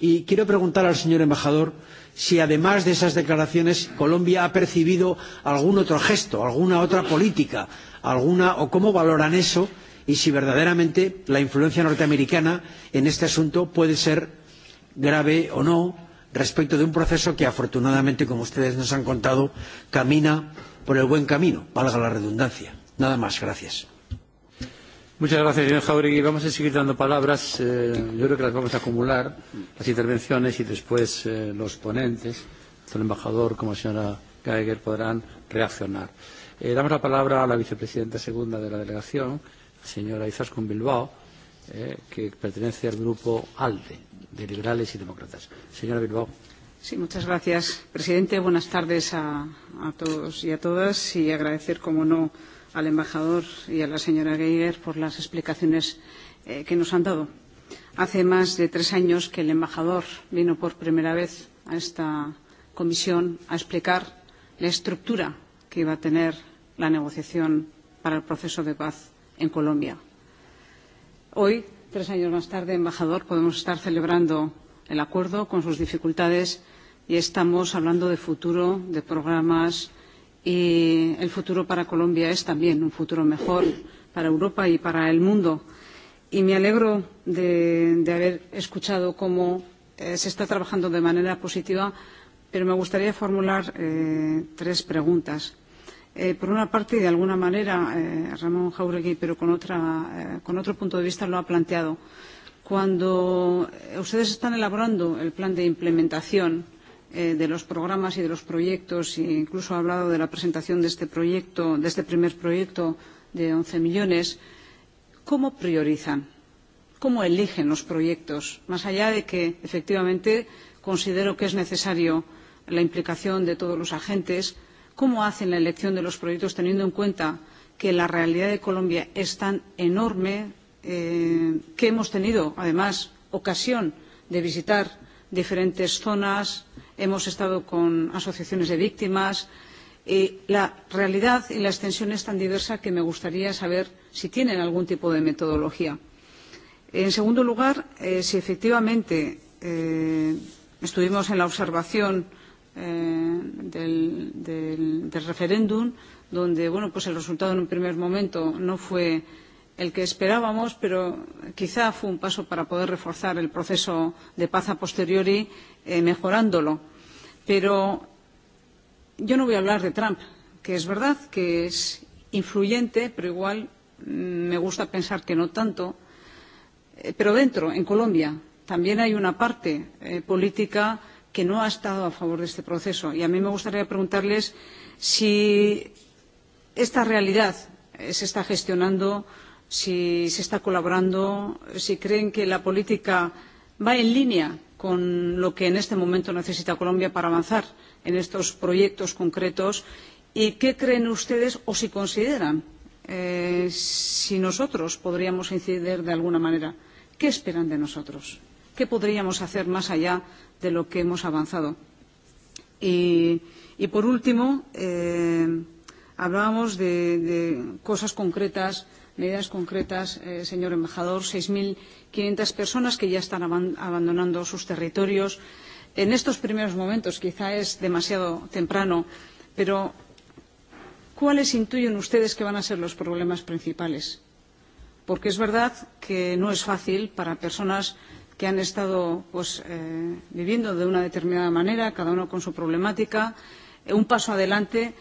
Y quiero preguntar al señor embajador si, además de esas declaraciones, Colombia ha percibido algún otro gesto, alguna otra política, alguna o cómo valoran eso y si verdaderamente la influencia norteamericana en este asunto puede ser grave o no respecto de un proceso que afortunadamente, como ustedes nos han contado, camina por el buen camino, valga la redundancia. Nada más, gracias. Muchas gracias, señor Jauregui. Vamos a seguir dando palabras. Yo creo que las vamos a acumular, las intervenciones y después los ponentes, tanto el embajador como la señora Geiger, podrán reaccionar. Damos la palabra a la vicepresidenta segunda de la delegación, la señora Izaskun Bilbao, que pertenece al grupo ALDE de liberales y demócratas. Señora Bilbao. Sí, muchas gracias, presidente. Buenas tardes a todos y a todas y agradecer, como no, al embajador y a la señora Geiger por las explicaciones que nos han dado. Hace más de tres años que el embajador vino por primera vez a esta comisión a explicar la estructura que iba a tener la negociación para el proceso de paz en Colombia. Hoy Tres años más tarde, embajador, podemos estar celebrando el acuerdo con sus dificultades y estamos hablando de futuro, de programas y el futuro para Colombia es también un futuro mejor para Europa y para el mundo. Y me alegro de haber escuchado cómo se está trabajando de manera positiva, pero me gustaría formular tres preguntas. Por una parte, de alguna manera, Ramón Jauregui, pero con otro punto de vista, lo ha planteado. Cuando ustedes están elaborando el plan de implementación de los programas y de los proyectos, e incluso ha hablado de la presentación de este proyecto, de este primer proyecto de 11 millones, ¿cómo priorizan? ¿Cómo eligen los proyectos? Más allá de que, efectivamente, considero que es necesario la implicación de todos los agentes, cómo hacen la elección de los proyectos teniendo en cuenta que la realidad de Colombia es tan enorme que hemos tenido, además, ocasión de visitar diferentes zonas, hemos estado con asociaciones de víctimas. y La realidad y la extensión es tan diversa que me gustaría saber si tienen algún tipo de metodología. En segundo lugar, si efectivamente estuvimos en la observación del referéndum donde bueno pues el resultado en un primer momento no fue el que esperábamos pero quizá fue un paso para poder reforzar el proceso de paz a posteriori mejorándolo pero yo no voy a hablar de Trump que es verdad que es influyente pero igual me gusta pensar que no tanto pero dentro en Colombia también hay una parte política que no ha estado a favor de este proceso. Y a mí me gustaría preguntarles si esta realidad se está gestionando, si se está colaborando, si creen que la política va en línea con lo que en este momento necesita Colombia para avanzar en estos proyectos concretos y qué creen ustedes o si consideran si nosotros podríamos incidir de alguna manera. ¿Qué esperan de nosotros? ¿Qué podríamos hacer más allá de lo que hemos avanzado. Y, y por último, eh, hablábamos de, de cosas concretas, medidas concretas, eh, señor embajador, 6.500 personas que ya están abandonando sus territorios. En estos primeros momentos quizá es demasiado temprano, pero ¿cuáles intuyen ustedes que van a ser los problemas principales? Porque es verdad que no es fácil para personas que han estado pues, eh, viviendo de una determinada manera, cada uno con su problemática, un paso adelante.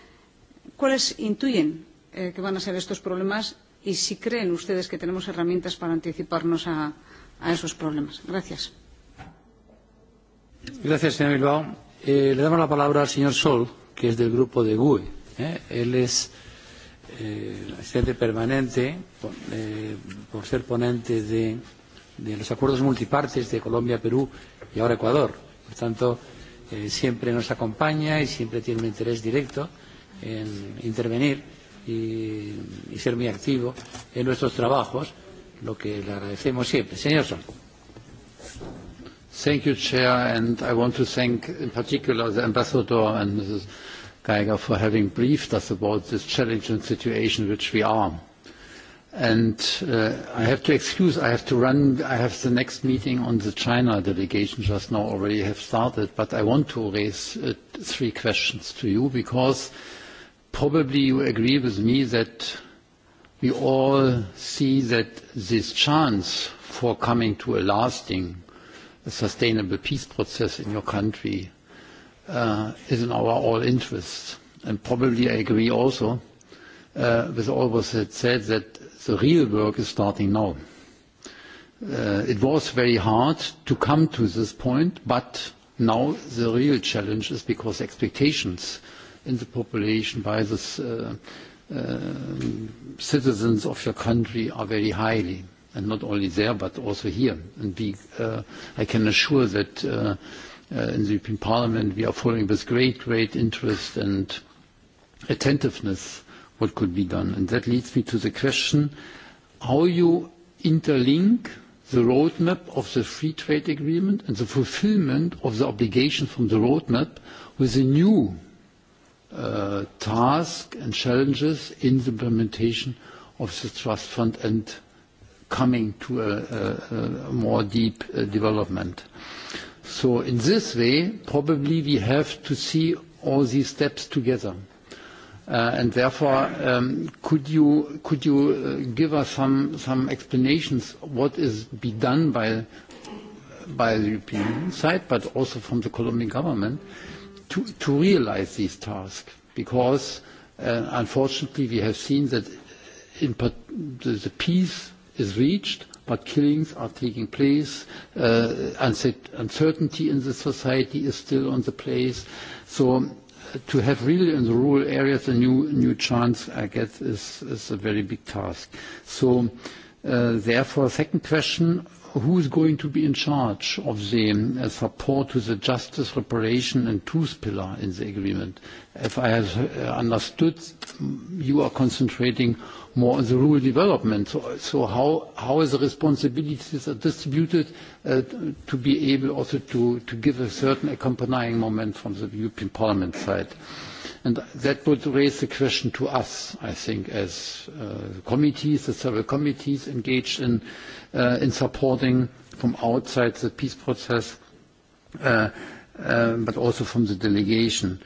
¿Cuáles intuyen que van a ser estos problemas y si creen ustedes que tenemos herramientas para anticiparnos a, a esos problemas? Gracias. Gracias, señor. Bilbao. Eh, le damos la palabra al señor Sol, que es del grupo de GUE. ¿eh? Él es eh, asistente permanente por, eh, por ser ponente de de los acuerdos multipartes de Colombia, Perú y ahora Ecuador. Por tanto, eh, siempre nos acompaña y siempre tiene un interés directo en intervenir y ser muy activo en nuestros trabajos, lo que le agradecemos siempre. Señor Sol. Thank you, Chair, and I want to thank in particular the Ambassador and Mrs. Geiger for having briefed us about this challenging situation which we are And I have to excuse, I have to run, I have the next meeting on the China delegation just now already have started, but I want to raise three questions to you because probably you agree with me that we all see that this chance for coming to a lasting, sustainable peace process in your country is in our all interests. And probably I agree also with all was said that The real work is starting now. It was very hard to come to this point, but now the real challenge is because expectations in the population by the citizens of your country are very highly, and not only there but also here. And I can assure that in the European Parliament we are following with great, great interest and attentiveness what could be done. And that leads me to the question how you interlink the roadmap of the free trade agreement and the fulfillment of the obligation from the roadmap with the new task and challenges in the implementation of the trust fund and coming to a more deep development. So in this way, probably we have to see all these steps together. And therefore, could you could you give us some some explanations what is be done by by the European side, but also from the Colombian government, to to realise these tasks? Because unfortunately, we have seen that the peace is reached, but killings are taking place. Uncertainty in the society is still on the place. So to have really in the rural areas a new new chance, I guess, is is a very big task. So, therefore, second question who is going to be in charge of the support to the justice, reparation and truth pillar in the agreement? If I have understood, you are concentrating more on the rural development. So how are the responsibilities distributed to be able also to give a certain accompanying moment from the European Parliament side? And that would raise the question to us, I think, as committees, the several committees engaged in supporting from outside the peace process, but also from the delegation,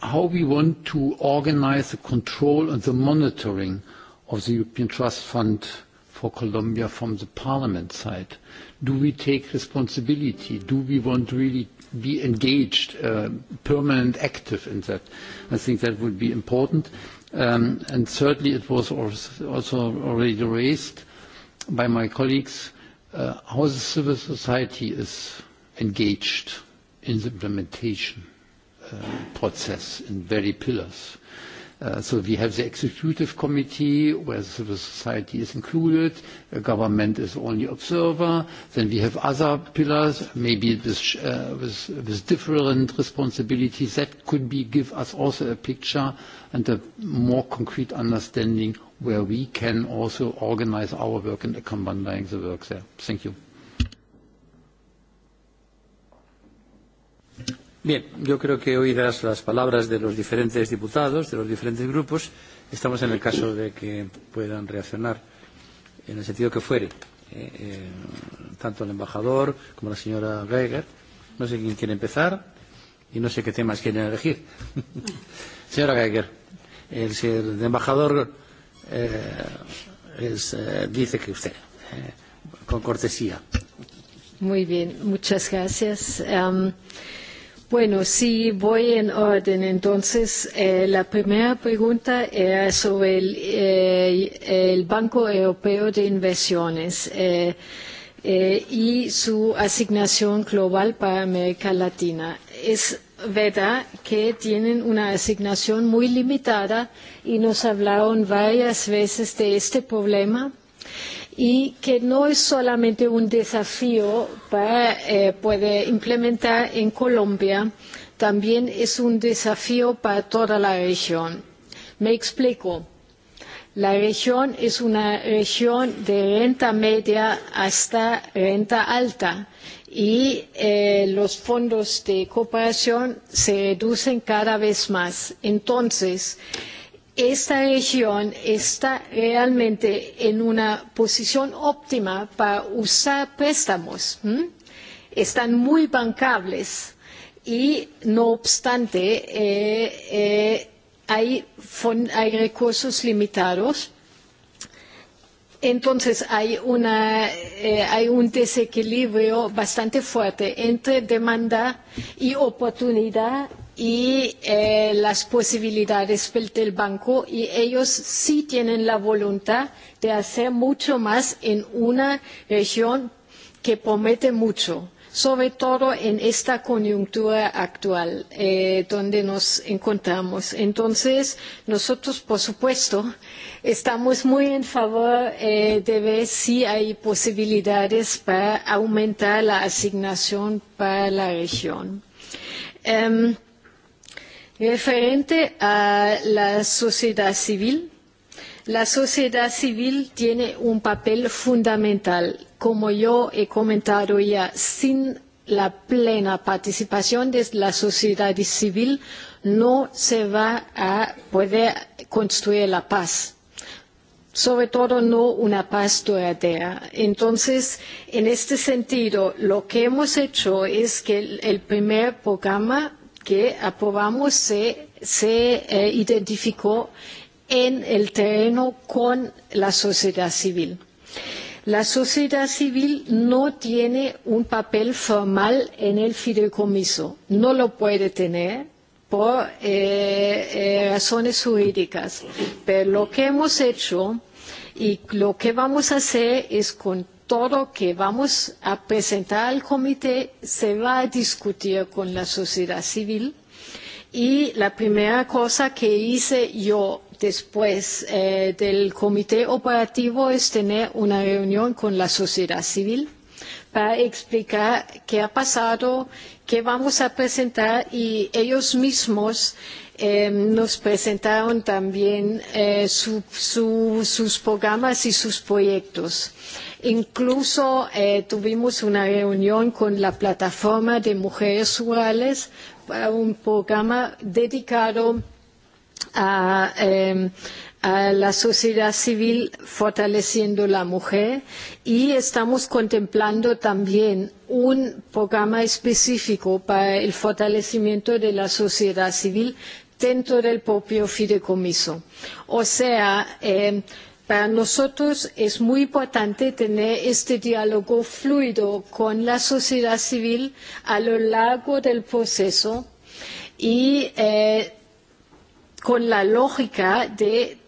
how we want to organize the control and the monitoring of the European Trust Fund for Colombia from the Parliament side. Do we take responsibility? Do we want really be engaged, permanent, active in that. I think that would be important. And certainly, it was also already raised by my colleagues how the civil society is engaged in the implementation process in very pillars So we have the executive committee where the civil society is included, the government is only observer. Then we have other pillars, maybe with different responsibilities. That could be give us also a picture and a more concrete understanding where we can also organize our work and accompanying the work there. Thank you. Bien, yo creo que oídas las palabras de los diferentes diputados, de los diferentes grupos, estamos en el caso de que puedan reaccionar en el sentido que fuere, tanto el embajador como la señora Geiger. No sé quién quiere empezar y no sé qué temas quieren elegir. Señora Geiger, el embajador dice que usted, con cortesía. Muy bien, muchas gracias. Bueno, sí, voy en orden. Entonces, la primera pregunta era sobre el Banco Europeo de Inversiones y su asignación global para América Latina. Es verdad que tienen una asignación muy limitada y nos hablaron varias veces de este problema y que no es solamente un desafío para poder implementar en Colombia, también es un desafío para toda la región. Me explico. La región es una región de renta media hasta renta alta y los fondos de cooperación se reducen cada vez más. Entonces, esta región está realmente en una posición óptima para usar préstamos. Están muy bancables y, no obstante, hay recursos limitados. Entonces hay un desequilibrio bastante fuerte entre demanda y oportunidad y las posibilidades del banco y ellos sí tienen la voluntad de hacer mucho más en una región que promete mucho sobre todo en esta coyuntura actual donde nos encontramos. Entonces, nosotros, por supuesto, estamos muy en favor de ver si hay posibilidades para aumentar la asignación para la región. Referente a la sociedad civil, la sociedad civil tiene un papel fundamental. Como yo he comentado ya, sin la plena participación de la sociedad civil no se va a poder construir la paz sobre todo no una paz duradera. Entonces, en este sentido, lo que hemos hecho es que el primer programa que aprobamos se se identificó en el terreno con la sociedad civil. La sociedad civil no tiene un papel formal en el fideicomiso, no lo puede tener por razones jurídicas, pero lo que hemos hecho y lo que vamos a hacer es con todo que vamos a presentar al comité se va a discutir con la sociedad civil y la primera cosa que hice yo después del comité operativo es tener una reunión con la sociedad civil para explicar qué ha pasado, qué vamos a presentar y ellos mismos nos presentaron también sus programas y sus proyectos. Incluso tuvimos una reunión con la plataforma de mujeres rurales para un programa dedicado a la sociedad civil fortaleciendo la mujer y estamos contemplando también un programa específico para el fortalecimiento de la sociedad civil dentro del propio fideicomiso. O sea, Para nosotros es muy importante tener este diálogo fluido con la sociedad civil a lo largo del proceso y con la lógica de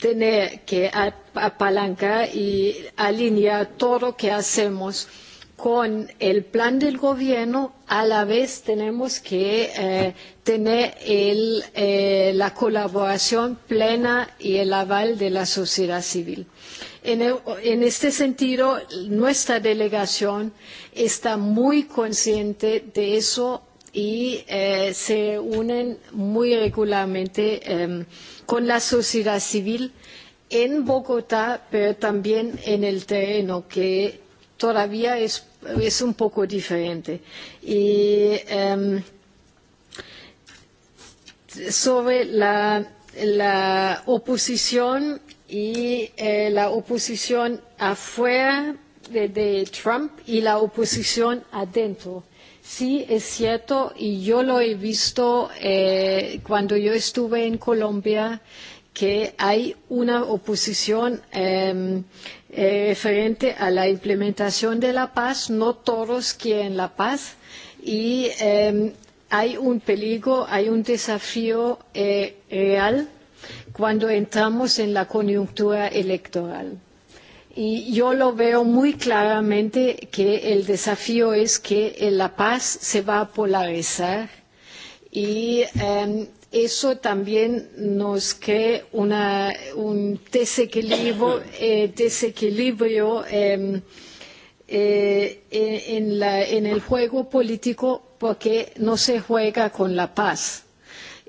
tener que apalancar y alinear todo lo que hacemos con el plan del gobierno a la vez tenemos que tener la colaboración plena y el aval de la sociedad civil. En este sentido, nuestra delegación está muy consciente de eso y se unen muy regularmente con la sociedad civil en Bogotá, pero también en el terreno, que todavía es es un poco diferente. Y sobre la la oposición y la oposición afuera de Trump y la oposición adentro. Sí, es cierto, y yo lo he visto cuando yo estuve en Colombia, que hay una oposición Referente à a la implementación de la paz. No todos quieren la paz y hay un peligro, hay un desafío real cuando entramos en la coyuntura electoral. Y yo lo veo muy claramente que el desafío es que la paz se va a polarizar y eso también nos crea una, un desequilibrio, eh, desequilibrio eh, eh, en, en el juego político porque no se juega con la paz.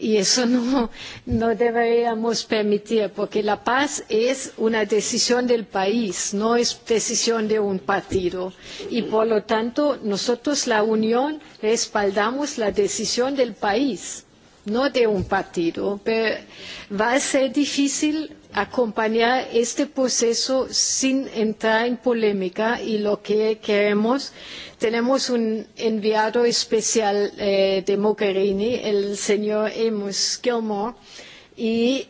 Y eso no, no deberíamos permitir, porque la paz es una decisión del país, no es decisión de un partido. Y por lo tanto, nosotros, la Unión, respaldamos la decisión del país no de un partido, pero va a ser difícil acompañar este proceso sin entrar en polémica y lo que queremos tenemos un enviado especial de Mogherini, el señor Amos Gilmore, y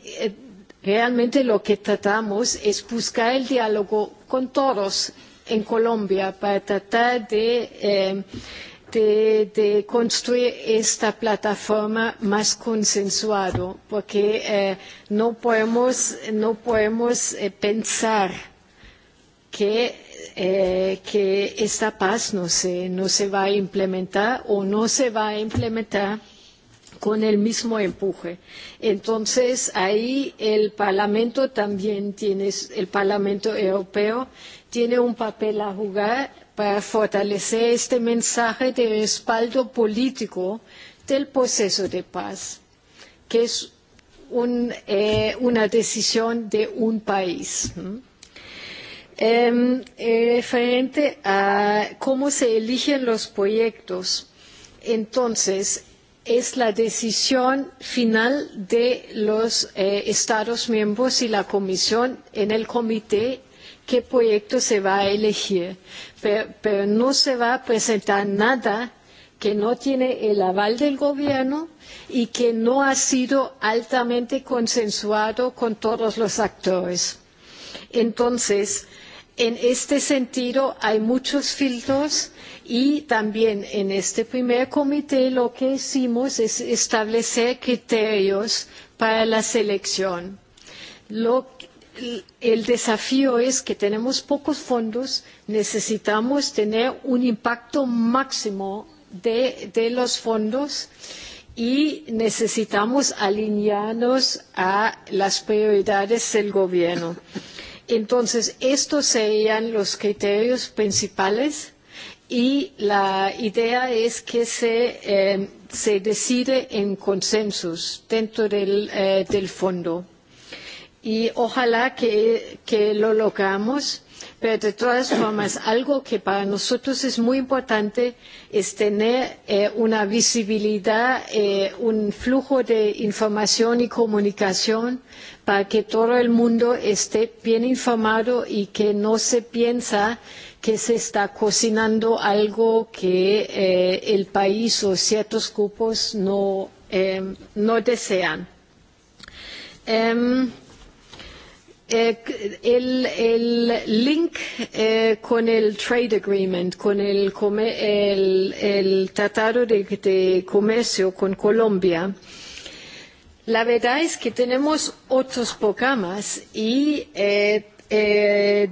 realmente lo que tratamos es buscar el diálogo con todos en Colombia para tratar de de construir esta plataforma más consensuado porque no podemos no podemos pensar que que esta paz no se no se va a implementar o no se va a implementar con el mismo empuje. Entonces, ahí el Parlamento también tiene, el Parlamento Europeo tiene un papel a jugar fortalecer este mensaje de respaldo político del proceso de paz, que es una decisión de un país. Referente a cómo se eligen los proyectos, entonces es la decisión final de los Estados miembros y la Comisión en el comité qué proyecto se va a elegir pero no se va a presentar nada que no tiene el aval del gobierno y que no ha sido altamente consensuado con todos los actores. Entonces, en este sentido hay muchos filtros y también en este primer comité lo que hicimos es establecer criterios para la selección. Lo el desafío es que tenemos pocos fondos, necesitamos tener un impacto máximo de los fondos y necesitamos alinearnos a las prioridades del gobierno. Entonces, estos serían los criterios principales y la idea es que se decide en consensos dentro del fondo y ojalá que lo logramos, pero de todas formas algo que para nosotros es muy importante es tener una visibilidad, un flujo de información y comunicación para que todo el mundo esté bien informado y que no se piensa que se está cocinando algo que el país o ciertos grupos no desean el link con el trade agreement con el el tratado de comercio con Colombia la verdad es que tenemos otros programas y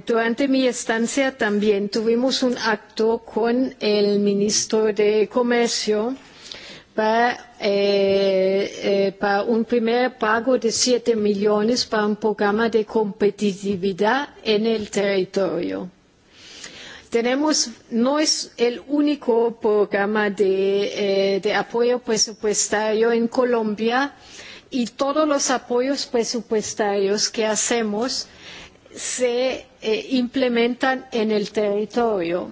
durante mi estancia también tuvimos un acto con el ministro de comercio para para un primer pago de 7 millones para un programa de competitividad en el territorio. Tenemos, no es el único programa de apoyo presupuestario en Colombia y todos los apoyos presupuestarios que hacemos se implementan en el territorio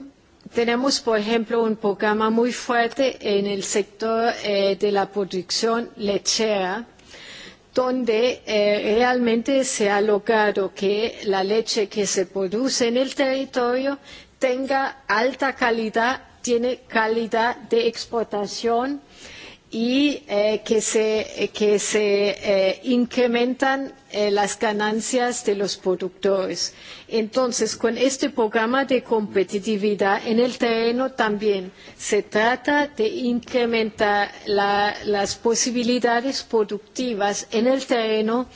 Tenemos, por ejemplo, un programa muy fuerte en el sector de la producción lechera, donde realmente se ha logrado que la leche que se produce en el territorio tenga alta calidad, tiene calidad de exportación y que se incrementan las ganancias de los productores. Entonces, con este programa de competitividad en el terreno también se trata de incrementar las posibilidades productivas en el terreno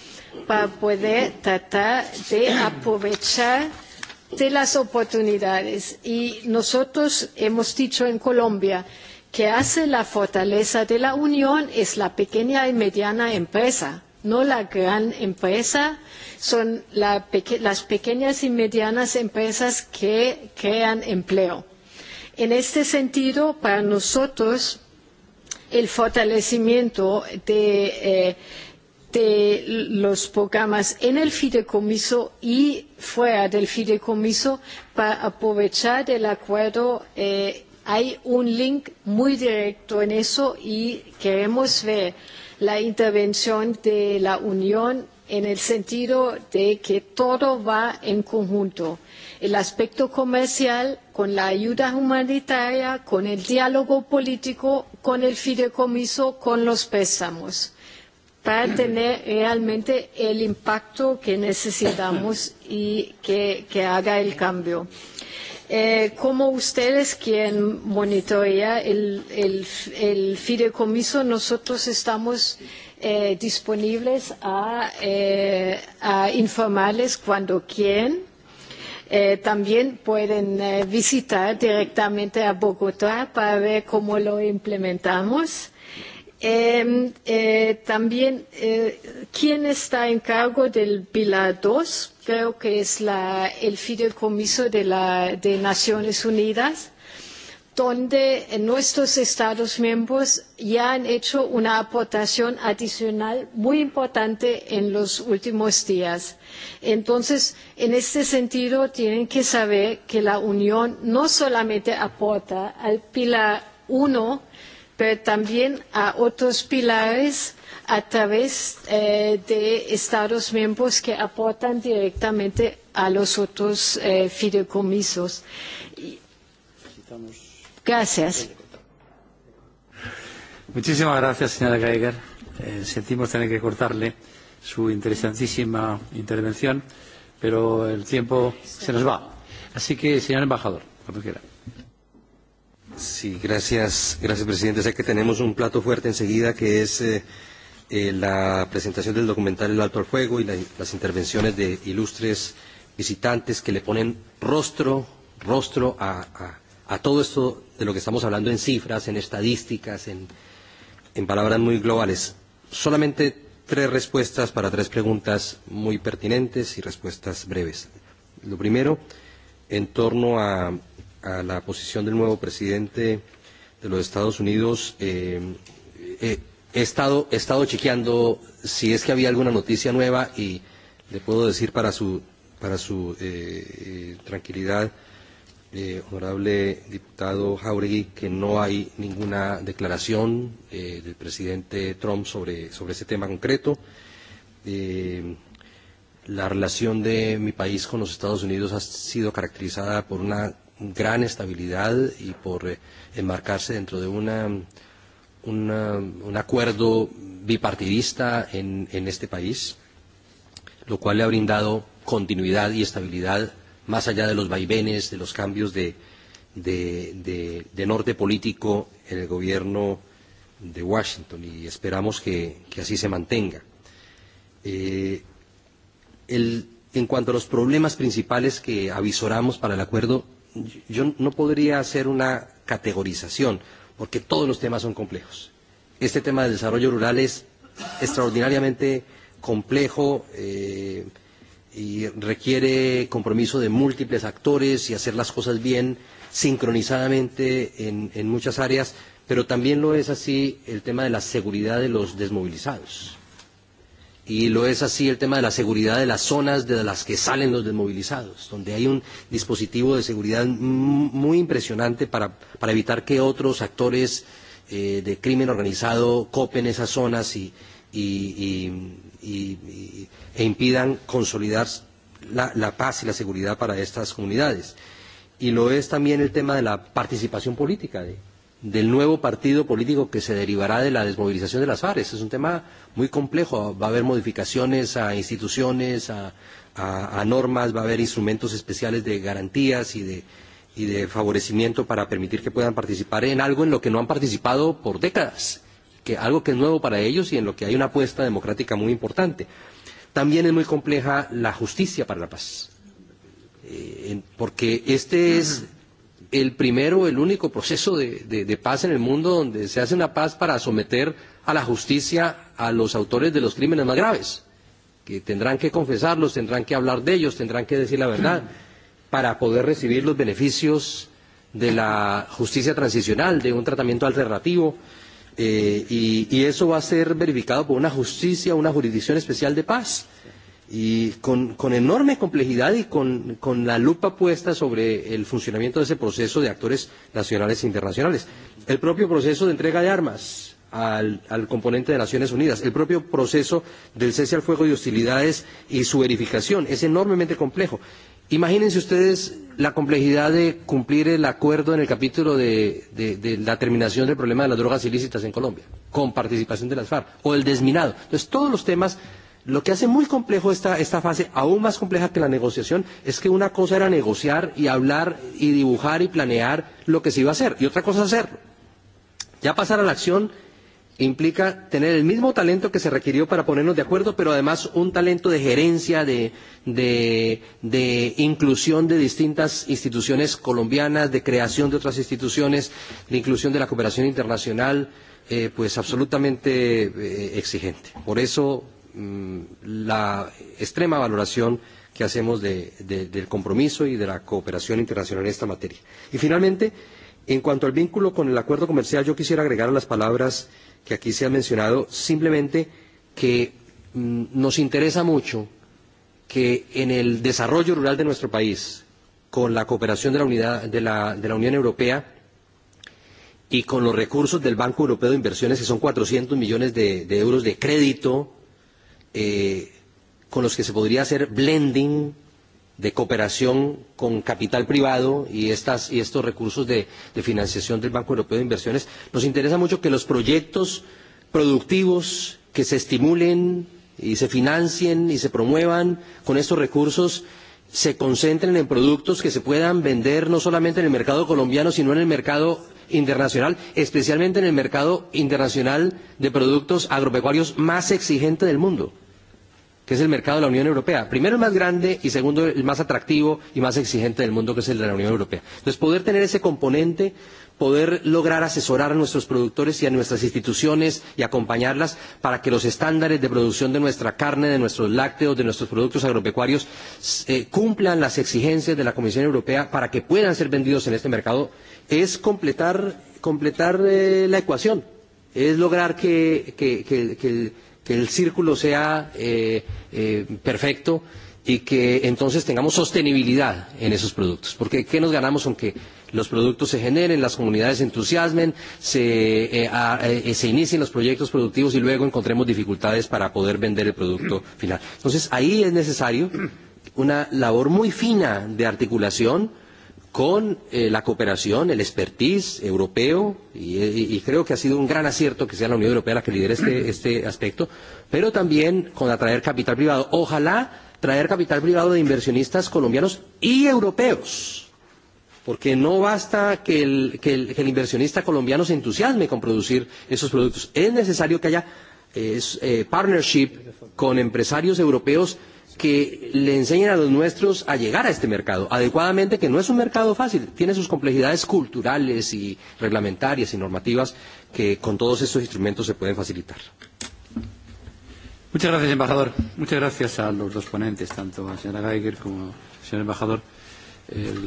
para poder tratar de aprovechar de las oportunidades. Y nosotros hemos dicho en Colombia que hace la fortaleza de la Unión es la pequeña y mediana empresa, no la gran empresa. Son las pequeñas y medianas empresas que crean empleo. En este sentido, para nosotros, el fortalecimiento de los programas en el fideicomiso y fuera del fideicomiso para aprovechar el acuerdo hay un link muy directo en eso y queremos ver la intervención de la Unión en el sentido de que todo va en conjunto. El aspecto comercial con la ayuda humanitaria, con el diálogo político, con el fideicomiso, con los préstamos, para tener realmente el impacto que necesitamos y que haga el cambio cómo ustedes quien monitorea el fideicomiso nosotros estamos disponibles a informarles cuando quieran también pueden visitar directamente a Bogotá para ver cómo lo implementamos. También, ¿quién está en cargo del Pilar 2? creo que es el fideicomiso de Naciones Unidas, donde nuestros Estados miembros ya han hecho una aportación adicional muy importante en los últimos días. Entonces, en este sentido, tienen que saber que la Unión no solamente aporta al pilar 1, pero también a otros pilares a través de Estados miembros que aportan directamente a los otros fideicomisos. Gracias. Muchísimas gracias, señora Geiger. Sentimos tener que cortarle su interesantísima intervención, pero el tiempo se nos va. Así que, señor embajador, cuando quiera. Sí, gracias, gracias, presidente. Sé que tenemos un plato fuerte enseguida que es la presentación del documental El Alto al Fuego y las intervenciones de ilustres visitantes que le ponen rostro, rostro a todo esto de lo que estamos hablando en cifras, en estadísticas, en palabras muy globales. Solamente tres respuestas para tres preguntas muy pertinentes y respuestas breves. Lo primero, en torno a la posición del nuevo presidente de los Estados Unidos he estado he estado chequeando si es que había alguna noticia nueva y le puedo decir para su para su eh tranquilidad eh honorable diputado Jauregui que no hay ninguna declaración eh del presidente Trump sobre sobre ese tema concreto eh la relación de mi país con los Estados Unidos ha sido caracterizada por una gran estabilidad y por enmarcarse dentro de una un acuerdo bipartidista en este país, lo cual le ha brindado continuidad y estabilidad más allá de los vaivenes, de los cambios de norte político en el gobierno de Washington y esperamos que así se mantenga. En cuanto a los problemas principales que avisoramos para el acuerdo, yo no podría hacer una categorización porque todos los temas son complejos. Este tema del desarrollo rural es extraordinariamente complejo y requiere compromiso de múltiples actores y hacer las cosas bien sincronizadamente en muchas áreas, pero también lo es así el tema de la seguridad de los desmovilizados y lo es así el tema de la seguridad de las zonas de las que salen los desmovilizados, donde hay un dispositivo de seguridad muy impresionante para evitar que otros actores de crimen organizado copen esas zonas y e impidan consolidar la paz y la seguridad para estas comunidades. Y lo es también el tema de la participación política de del nuevo partido político que se derivará de la desmovilización de las FARC. Es un tema muy complejo. Va a haber modificaciones a instituciones, a normas, va a haber instrumentos especiales de garantías y de favorecimiento para permitir que puedan participar en algo en lo que no han participado por décadas, que algo que es nuevo para ellos y en lo que hay una apuesta democrática muy importante. También es muy compleja la justicia para la paz, porque este es el primero, el único proceso de paz en el mundo donde se hace una paz para someter a la justicia a los autores de los crímenes más graves, que tendrán que confesarlos, tendrán que hablar de ellos, tendrán que decir la verdad, para poder recibir los beneficios de la justicia transicional, de un tratamiento alternativo, y eso va a ser verificado por una justicia, una jurisdicción especial de paz y con con enorme complejidad y con con la lupa puesta sobre el funcionamiento de ese proceso de actores nacionales e internacionales el propio proceso de entrega de armas al al componente de Naciones Unidas el propio proceso del cese al fuego de hostilidades y su verificación es enormemente complejo imagínense ustedes la complejidad de cumplir el acuerdo en el capítulo de de de la terminación del problema de las drogas ilícitas en Colombia con participación de las FARC o el desminado entonces todos los temas Lo que hace muy complejo esta, esta fase, aún más compleja que la negociación, es que una cosa era negociar y hablar y dibujar y planear lo que se iba a hacer, y otra cosa hacerlo. Ya pasar a la acción implica tener el mismo talento que se requirió para ponernos de acuerdo, pero además un talento de gerencia, de, de, de inclusión de distintas instituciones colombianas, de creación de otras instituciones, de inclusión de la cooperación internacional, pues absolutamente exigente. Por eso la extrema valoración que hacemos del compromiso y de la cooperación internacional en esta materia. Y finalmente, en cuanto al vínculo con el acuerdo comercial, yo quisiera agregar a las palabras que aquí se han mencionado simplemente que nos interesa mucho que en el desarrollo rural de nuestro país, con la cooperación de la, unidad, de la, de la Unión Europea y con los recursos del Banco Europeo de Inversiones, que son 400 millones de, de euros de crédito con los que se podría hacer blending de cooperación con capital privado y estas y estos recursos de de financiación del Banco Europeo de Inversiones nos interesa mucho que los proyectos productivos que se estimulen y se financien y se promuevan con estos recursos se concentren en productos que se puedan vender no solamente en el mercado colombiano, sino en el mercado internacional, especialmente en el mercado internacional de productos agropecuarios más exigente del mundo, que es el mercado de la Unión Europea. Primero el más grande y segundo el más atractivo y más exigente del mundo, que es el de la Unión Europea. Entonces, poder tener ese componente poder lograr asesorar a nuestros productores y a nuestras instituciones y acompañarlas para que los estándares de producción de nuestra carne, de nuestros lácteos, de nuestros productos agropecuarios cumplan las exigencias de la Comisión Europea para que puedan ser vendidos en este mercado, es completar la ecuación, es lograr que el círculo sea perfecto y que entonces tengamos sostenibilidad en esos productos. Porque ¿qué nos ganamos con que los productos se generen, las comunidades se entusiasmen, se inicien los proyectos productivos y luego encontremos dificultades para poder vender el producto final. Entonces, ahí es necesario una labor muy fina de articulación con la cooperación, el expertise europeo, y creo que ha sido un gran acierto que sea la Unión Europea la que lidere este aspecto, pero también con atraer capital privado. Ojalá traer capital privado de inversionistas colombianos y europeos porque no basta que el, inversionista colombiano se entusiasme con producir esos productos. Es necesario que haya partnership con empresarios europeos que le enseñen a los nuestros a llegar a este mercado adecuadamente, que no es un mercado fácil, tiene sus complejidades culturales y reglamentarias y normativas que con todos estos instrumentos se pueden facilitar. Muchas gracias, embajador. Muchas gracias a los dos ponentes, tanto a señora Geiger como al señor embajador.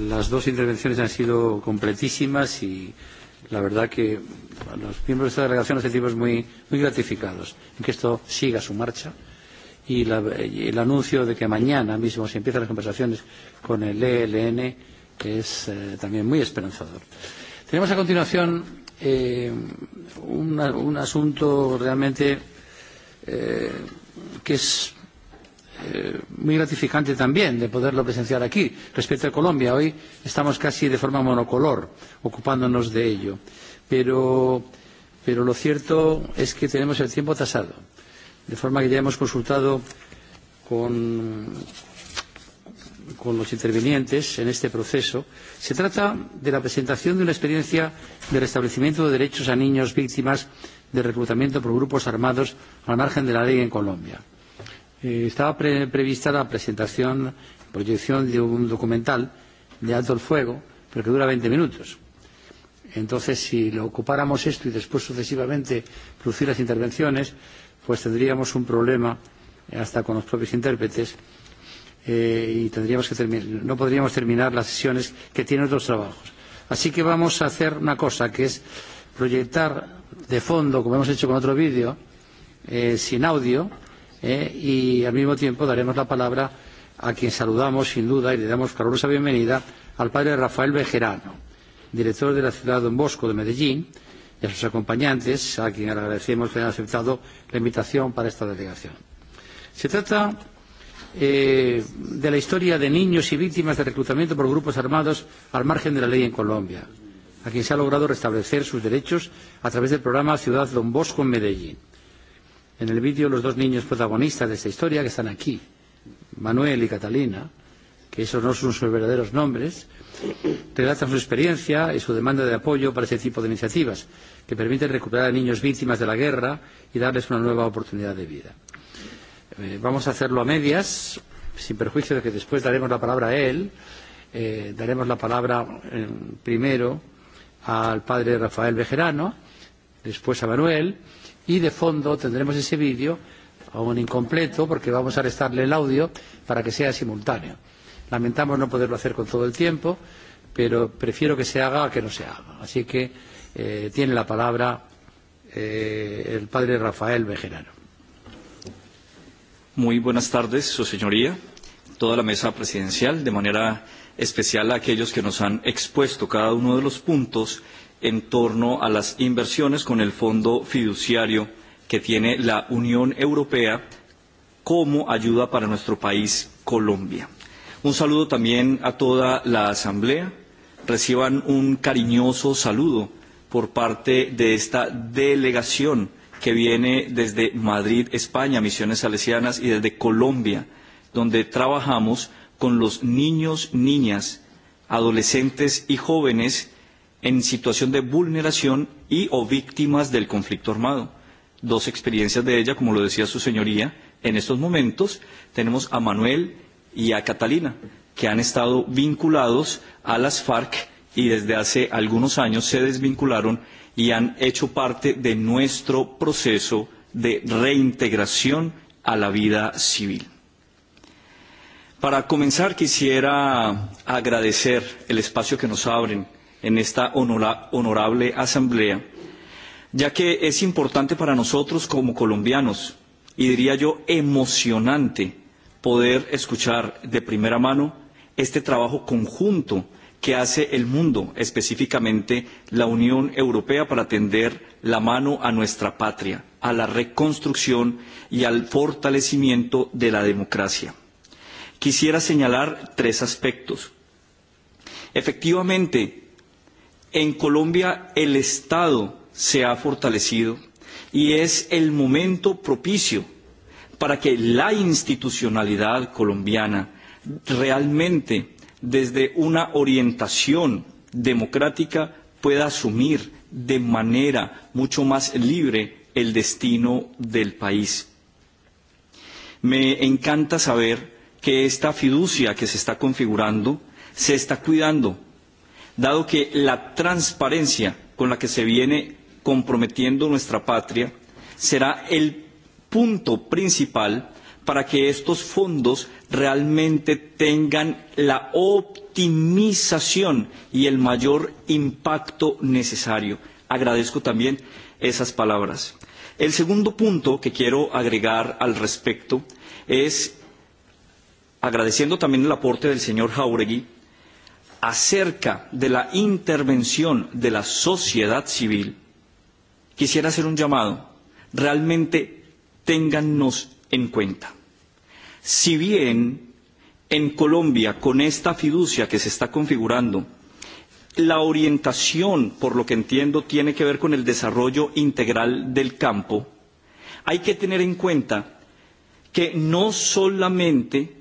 Las dos intervenciones han sido completísimas y la verdad que los miembros de esta delegación nos sentimos muy, muy gratificados en que esto siga su marcha y el anuncio de que mañana mismo se empiezan las conversaciones con el ELN es también muy esperanzador. Tenemos a continuación un asunto realmente que es muy gratificante también de poderlo presenciar aquí. Respecto a Colombia, hoy estamos casi de forma monocolor ocupándonos de ello. Pero lo cierto es que tenemos el tiempo tasado, de forma que ya hemos consultado con los intervinientes en este proceso. Se trata de la presentación de una experiencia de restablecimiento de derechos a niños víctimas de reclutamiento por grupos armados al margen de la ley en Colombia Estaba prevista la presentación, proyección de un documental de alto el fuego, pero que dura 20 minutos. Entonces, si lo ocupáramos esto y después sucesivamente producir las intervenciones, pues tendríamos un problema hasta con los propios intérpretes y tendríamos que no podríamos terminar las sesiones que tienen otros trabajos. Así que vamos a hacer una cosa, que es proyectar de fondo, como hemos hecho con otro vídeo, sin audio, y al mismo tiempo daremos la palabra a quien saludamos sin duda y le damos calurosa bienvenida al padre Rafael Bejerano, director de la ciudad Don Bosco de Medellín, y a sus acompañantes, a quien agradecemos que hayan aceptado la invitación para esta delegación. Se trata de la historia de niños y víctimas de reclutamiento por grupos armados al margen de la ley en Colombia, a quien se ha logrado restablecer sus derechos a través del programa Ciudad Don Bosco en Medellín en el vídeo los dos niños protagonistas de esta historia que están aquí, Manuel y Catalina, que esos no son sus verdaderos nombres, relatan su experiencia y su demanda de apoyo para ese tipo de iniciativas que permiten recuperar a niños víctimas de la guerra y darles una nueva oportunidad de vida. Vamos a hacerlo a medias, sin perjuicio de que después daremos la palabra a él, daremos la palabra primero al padre Rafael Bejerano, después a Manuel y de fondo tendremos ese vídeo aún incompleto porque vamos a restarle el audio para que sea simultáneo. Lamentamos no poderlo hacer con todo el tiempo, pero prefiero que se haga a que no se haga. Así que tiene la palabra el padre Rafael Bejerano. Muy buenas tardes, su señoría, toda la mesa presidencial, de manera especial a aquellos que nos han expuesto cada uno de los puntos en torno a las inversiones con el fondo fiduciario que tiene la Unión Europea como ayuda para nuestro país, Colombia. Un saludo también a toda la Asamblea. Reciban un cariñoso saludo por parte de esta delegación que viene desde Madrid, España, Misiones Salesianas, y desde Colombia, donde trabajamos con los niños, niñas, adolescentes y jóvenes en situación de vulneración y o víctimas del conflicto armado. Dos experiencias de ella, como lo decía su señoría, en estos momentos tenemos a Manuel y a Catalina, que han estado vinculados a las FARC y desde hace algunos años se desvincularon y han hecho parte de nuestro proceso de reintegración a la vida civil. Para comenzar, quisiera agradecer el espacio que nos abren en esta honorable asamblea, ya que es importante para nosotros como colombianos y diría yo emocionante poder escuchar de primera mano este trabajo conjunto que hace el mundo, específicamente la Unión Europea, para tender la mano a nuestra patria, a la reconstrucción y al fortalecimiento de la democracia. Quisiera señalar tres aspectos. Efectivamente, En Colombia el Estado se ha fortalecido y es el momento propicio para que la institucionalidad colombiana realmente desde una orientación democrática pueda asumir de manera mucho más libre el destino del país. Me encanta saber que esta fiducia que se está configurando se está cuidando dado que la transparencia con la que se viene comprometiendo nuestra patria será el punto principal para que estos fondos realmente tengan la optimización y el mayor impacto necesario. Agradezco también esas palabras. El segundo punto que quiero agregar al respecto es, agradeciendo también el aporte del señor Jauregui, acerca de la intervención de la sociedad civil, quisiera hacer un llamado. Realmente téngannos en cuenta. Si bien en Colombia, con esta fiducia que se está configurando, la orientación, por lo que entiendo, tiene que ver con el desarrollo integral del campo, hay que tener en cuenta que no solamente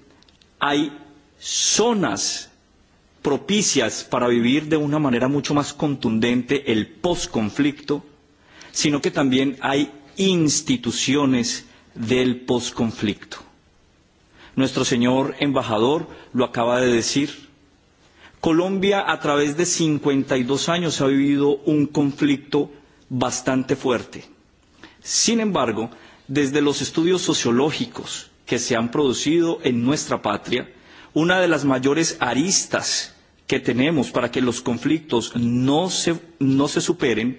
hay zonas propicias para vivir de una manera mucho más contundente el posconflicto, sino que también hay instituciones del posconflicto. Nuestro señor embajador lo acaba de decir. Colombia a través de 52 años ha vivido un conflicto bastante fuerte. Sin embargo, desde los estudios sociológicos que se han producido en nuestra patria, una de las mayores aristas que tenemos para que los conflictos no se, no se superen,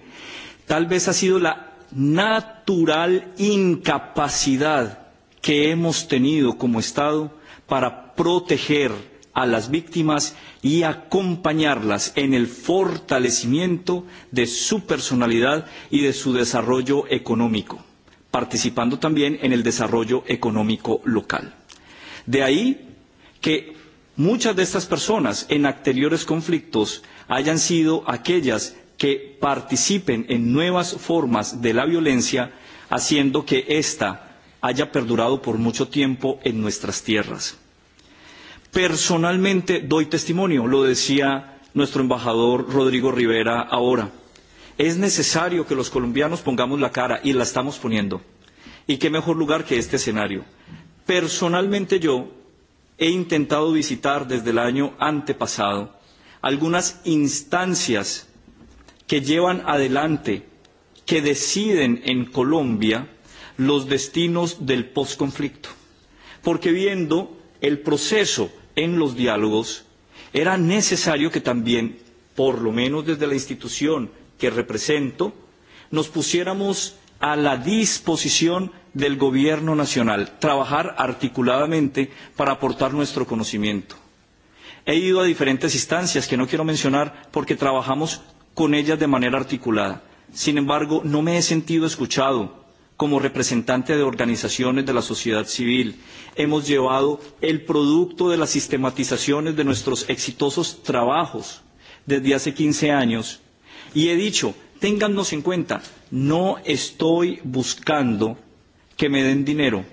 tal vez ha sido la natural incapacidad que hemos tenido como Estado para proteger a las víctimas y acompañarlas en el fortalecimiento de su personalidad y de su desarrollo económico, participando también en el desarrollo económico local. De ahí que muchas de estas personas en anteriores conflictos hayan sido aquellas que participen en nuevas formas de la violencia, haciendo que ésta haya perdurado por mucho tiempo en nuestras tierras. Personalmente doy testimonio, lo decía nuestro embajador Rodrigo Rivera ahora. Es necesario que los colombianos pongamos la cara, y la estamos poniendo. Y qué mejor lugar que este escenario. Personalmente yo he intentado visitar desde el año antepasado algunas instancias que llevan adelante, que deciden en Colombia los destinos del posconflicto. Porque viendo el proceso en los diálogos, era necesario que también, por lo menos desde la institución que represento, nos pusiéramos a la disposición del gobierno nacional, trabajar articuladamente para aportar nuestro conocimiento. He ido a diferentes instancias que no quiero mencionar porque trabajamos con ellas de manera articulada. Sin embargo, no me he sentido escuchado como representante de organizaciones de la sociedad civil. Hemos llevado el producto de las sistematizaciones de nuestros exitosos trabajos desde hace 15 años y he dicho téngannos en cuenta, no estoy buscando que me den dinero,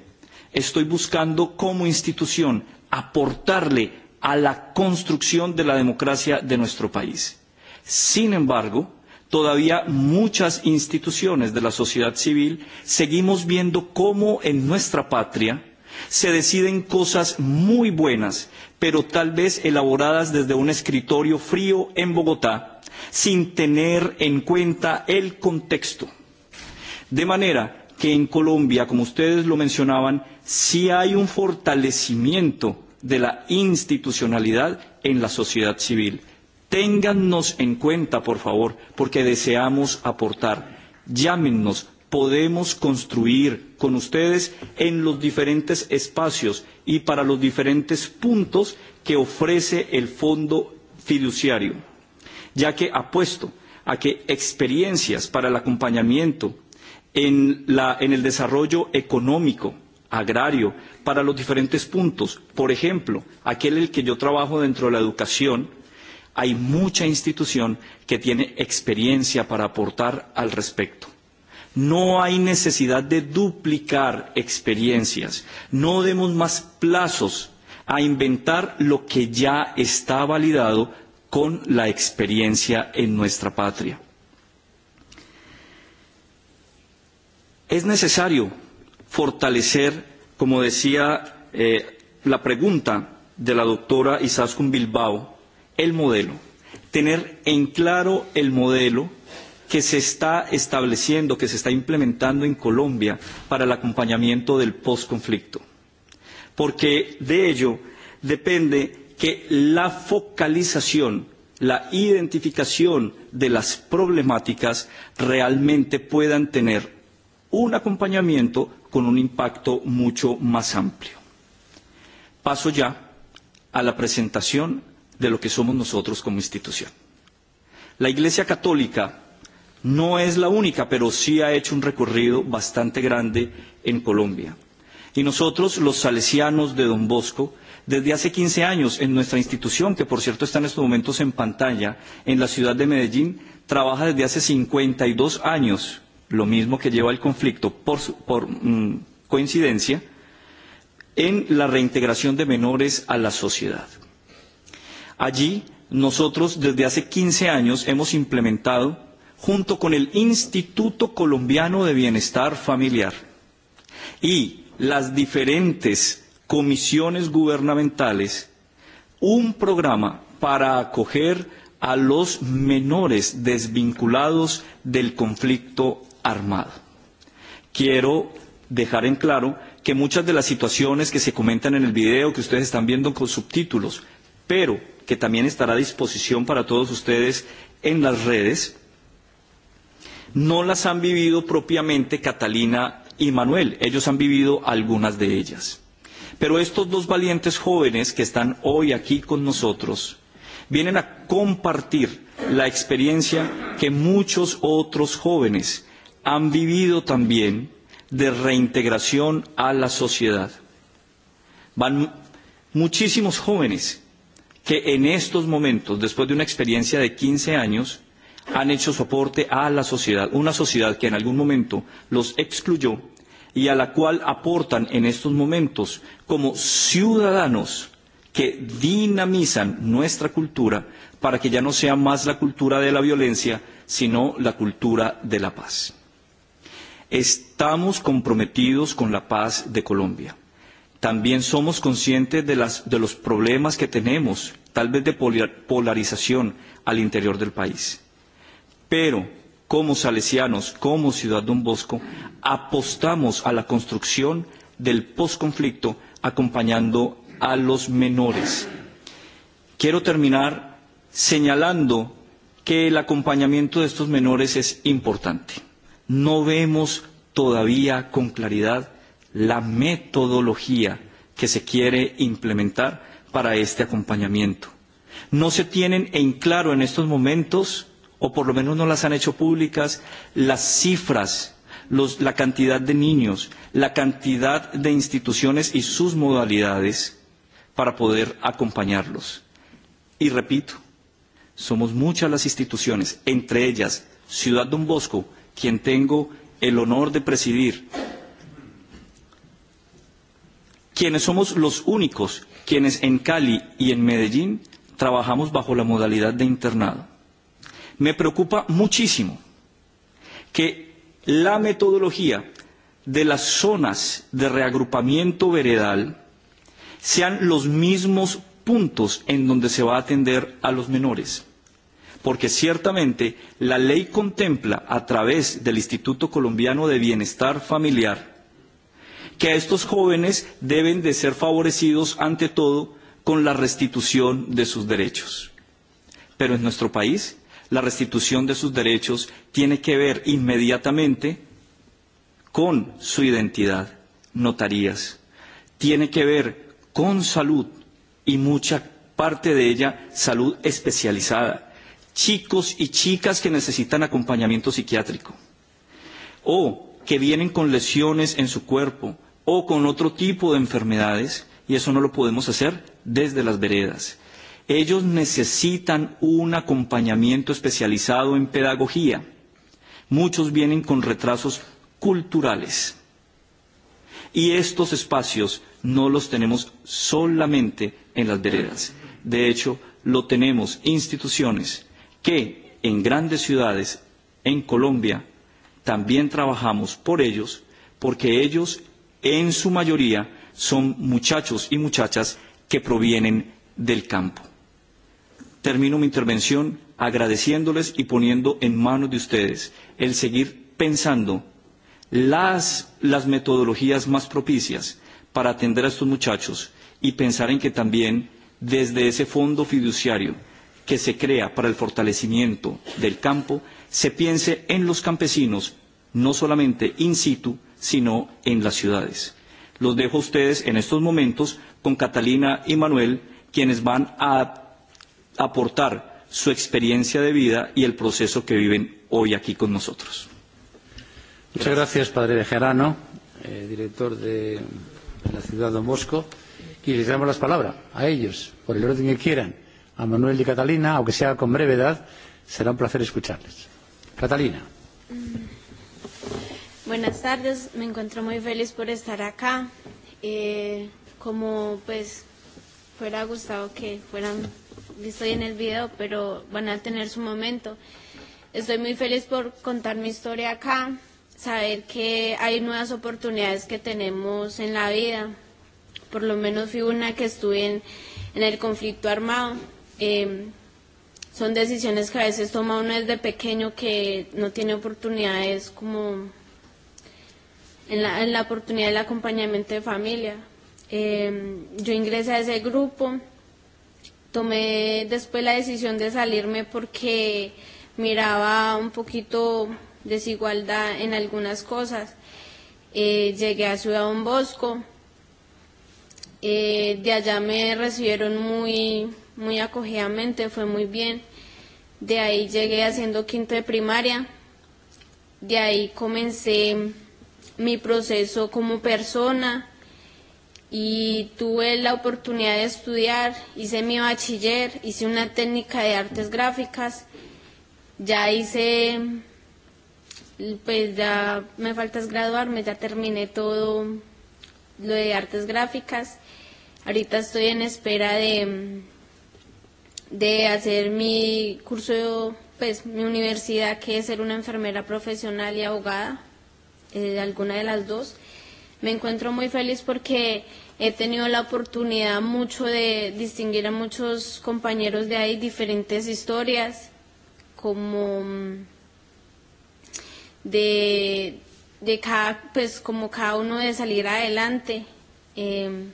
estoy buscando como institución aportarle a la construcción de la democracia de nuestro país. Sin embargo, todavía muchas instituciones de la sociedad civil seguimos viendo cómo en nuestra patria Se deciden cosas muy buenas, pero tal vez elaboradas desde un escritorio frío en Bogotá, sin tener en cuenta el contexto. De manera que en Colombia, como ustedes lo mencionaban, sí hay un fortalecimiento de la institucionalidad en la sociedad civil. Téngannos en cuenta, por favor, porque deseamos aportar. Llámennos, podemos construir con ustedes en los diferentes espacios y para los diferentes puntos que ofrece el fondo fiduciario, ya que apuesto a que experiencias para el acompañamiento en el desarrollo económico, agrario, para los diferentes puntos, por ejemplo, aquel en el que yo trabajo dentro de la educación, hay mucha institución que tiene experiencia para aportar al respecto No hay necesidad de duplicar experiencias. No demos más plazos a inventar lo que ya está validado con la experiencia en nuestra patria. Es necesario fortalecer, como decía la pregunta de la doctora Isaskun Bilbao, el modelo. Tener en claro el modelo que se está estableciendo, que se está implementando en Colombia para el acompañamiento del posconflicto. Porque de ello depende que la focalización, la identificación de las problemáticas realmente puedan tener un acompañamiento con un impacto mucho más amplio. Paso ya a la presentación de lo que somos nosotros como institución. La Iglesia Católica No es la única, pero sí ha hecho un recorrido bastante grande en Colombia. Y nosotros, los salesianos de Don Bosco, desde hace 15 años en nuestra institución, que por cierto está en estos momentos en pantalla, en la ciudad de Medellín, trabaja desde hace 52 años, lo mismo que lleva el conflicto, por coincidencia, en la reintegración de menores a la sociedad. Allí, nosotros desde hace 15 años hemos implementado junto con el Instituto Colombiano de Bienestar Familiar y las diferentes comisiones gubernamentales, un programa para acoger a los menores desvinculados del conflicto armado. Quiero dejar en claro que muchas de las situaciones que se comentan en el video que ustedes están viendo con subtítulos, pero que también estará a disposición para todos ustedes en las redes, no las han vivido propiamente Catalina y Manuel, ellos han vivido algunas de ellas. Pero estos dos valientes jóvenes que están hoy aquí con nosotros vienen a compartir la experiencia que muchos otros jóvenes han vivido también de reintegración a la sociedad. Van muchísimos jóvenes que en estos momentos, después de una experiencia de 15 años, han hecho soporte a la sociedad, una sociedad que en algún momento los excluyó y a la cual aportan en estos momentos como ciudadanos que dinamizan nuestra cultura para que ya no sea más la cultura de la violencia, sino la cultura de la paz. Estamos comprometidos con la paz de Colombia. También somos conscientes de los problemas que tenemos, tal vez de polarización al interior del país pero como salesianos, como Ciudad Don Bosco, apostamos a la construcción del posconflicto acompañando a los menores. Quiero terminar señalando que el acompañamiento de estos menores es importante. No vemos todavía con claridad la metodología que se quiere implementar para este acompañamiento. No se tienen en claro en estos momentos o por lo menos no las han hecho públicas, las cifras, la cantidad de niños, la cantidad de instituciones y sus modalidades para poder acompañarlos. Y repito, somos muchas las instituciones, entre ellas Ciudad Don Bosco, quien tengo el honor de presidir, quienes somos los únicos quienes en Cali y en Medellín trabajamos bajo la modalidad de internado me preocupa muchísimo que la metodología de las zonas de reagrupamiento veredal sean los mismos puntos en donde se va a atender a los menores porque ciertamente la ley contempla a través del Instituto Colombiano de Bienestar Familiar que a estos jóvenes deben de ser favorecidos ante todo con la restitución de sus derechos. Pero en nuestro país la restitución de sus derechos tiene que ver inmediatamente con su identidad, notarías. Tiene que ver con salud y mucha parte de ella salud especializada. Chicos y chicas que necesitan acompañamiento psiquiátrico o que vienen con lesiones en su cuerpo o con otro tipo de enfermedades y eso no lo podemos hacer desde las veredas ellos necesitan un acompañamiento especializado en pedagogía. Muchos vienen con retrasos culturales. Y estos espacios no los tenemos solamente en las veredas. De hecho, lo tenemos instituciones que en grandes ciudades, en Colombia, también trabajamos por ellos, porque ellos, en su mayoría, son muchachos y muchachas que provienen del campo termino mi intervención agradeciéndoles y poniendo en manos de ustedes el seguir pensando las metodologías más propicias para atender a estos muchachos y pensar en que también desde ese fondo fiduciario que se crea para el fortalecimiento del campo se piense en los campesinos no solamente in situ sino en las ciudades. Los dejo a ustedes en estos momentos con Catalina y Manuel quienes van a aportar su experiencia de vida y el proceso que viven hoy aquí con nosotros. Muchas gracias, Padre Bejarano, director de la ciudad de Mosco. Y les damos las palabras a ellos, por el orden que quieran, a Manuel y Catalina, aunque sea con brevedad, será un placer escucharles. Catalina. Buenas tardes, me encuentro muy feliz por estar acá. Eh, como pues fuera gustado que fueran estoy en el video, pero van a tener su momento. Estoy muy feliz por contar mi historia acá, saber que hay nuevas oportunidades que tenemos en la vida. Por lo menos fui una que estuve en, en el conflicto armado. Eh, son decisiones que a veces toma uno desde pequeño que no tiene oportunidades como en la, en la oportunidad del acompañamiento de familia. Eh, yo ingresé a ese grupo tomé después la decisión de salirme porque miraba un poquito desigualdad en algunas cosas. Eh, llegué a Ciudad Don Bosco. Eh, de allá me recibieron muy, muy acogidamente, fue muy bien. De ahí llegué haciendo quinto de primaria. De ahí comencé mi proceso como persona y tuve la oportunidad de estudiar, hice mi bachiller, hice una técnica de artes gráficas, ya hice, pues ya me faltas graduarme, ya terminé todo lo de artes gráficas. Ahorita estoy en espera de, de hacer mi curso, pues mi universidad, que es ser una enfermera profesional y abogada, eh, alguna de las dos. Me encuentro muy feliz porque he tenido la oportunidad mucho de distinguir a muchos compañeros de ahí diferentes historias, como de, de cada, pues como cada uno de salir adelante. Eh,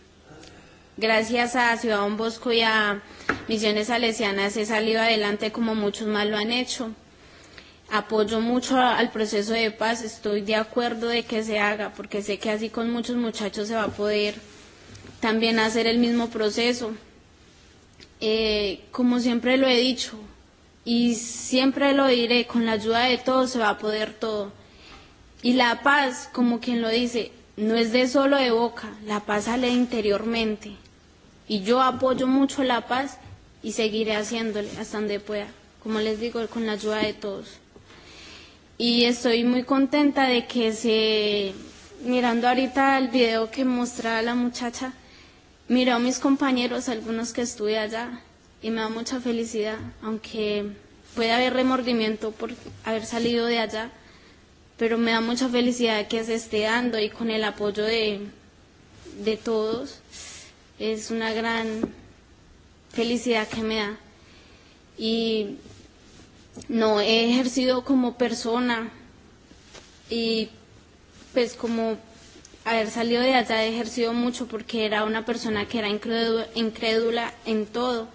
gracias a Ciudad Don Bosco y a Misiones Salesianas he salido adelante como muchos más lo han hecho apoyo mucho al proceso de paz, estoy de acuerdo de que se haga, porque sé que así con muchos muchachos se va a poder también hacer el mismo proceso. Eh, como siempre lo he dicho, y siempre lo diré, con la ayuda de todos se va a poder todo. Y la paz, como quien lo dice, no es de solo de boca, la paz sale interiormente. Y yo apoyo mucho la paz y seguiré haciéndole hasta donde pueda, como les digo, con la ayuda de todos y estoy muy contenta de que se mirando ahorita el video que mostraba la muchacha miró a mis compañeros algunos que estuve allá y me da mucha felicidad aunque puede haber remordimiento por haber salido de allá pero me da mucha felicidad que se esté dando y con el apoyo de de todos es una gran felicidad que me da y no he ejercido como persona y pues como haber salido de allá he ejercido mucho porque era una persona que era incrédula en todo.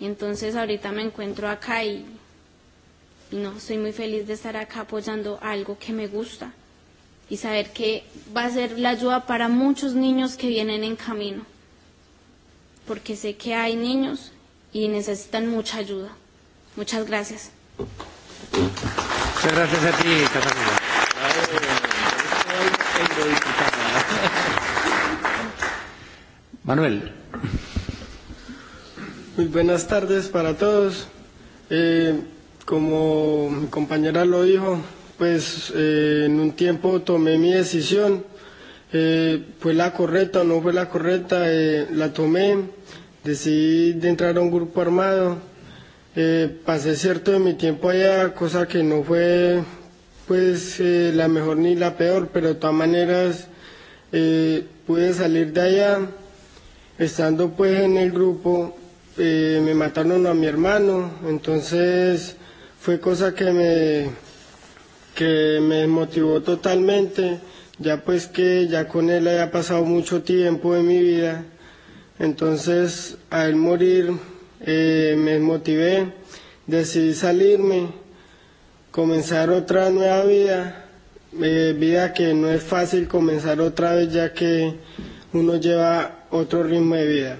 entonces ahorita me encuentro acá y, no, estoy muy feliz de estar acá apoyando algo que me gusta y saber que va a ser la ayuda para muchos niños que vienen en camino. Porque sé que hay niños y necesitan mucha ayuda. Muchas gracias. Gracias a ti, Manuel. Muy buenas tardes para todos. Eh, como mi compañera lo dijo, pues eh, en un tiempo tomé mi decisión. Eh, fue la correcta o no fue la correcta, eh, la tomé. Decidí de entrar a un grupo armado Eh pasé cierto de mi tiempo allá, cosa que no fue pues la mejor ni la peor pero de todas maneras eh, pude salir de allá estando pues en el grupo eh, me mataron a mi hermano entonces fue cosa que me que me motivó totalmente ya pues que ya con él haya pasado mucho tiempo en mi vida entonces al morir eh, me motivé, decidí salirme, comenzar otra nueva vida, vida que no es fácil comenzar otra vez ya que uno lleva otro ritmo de vida.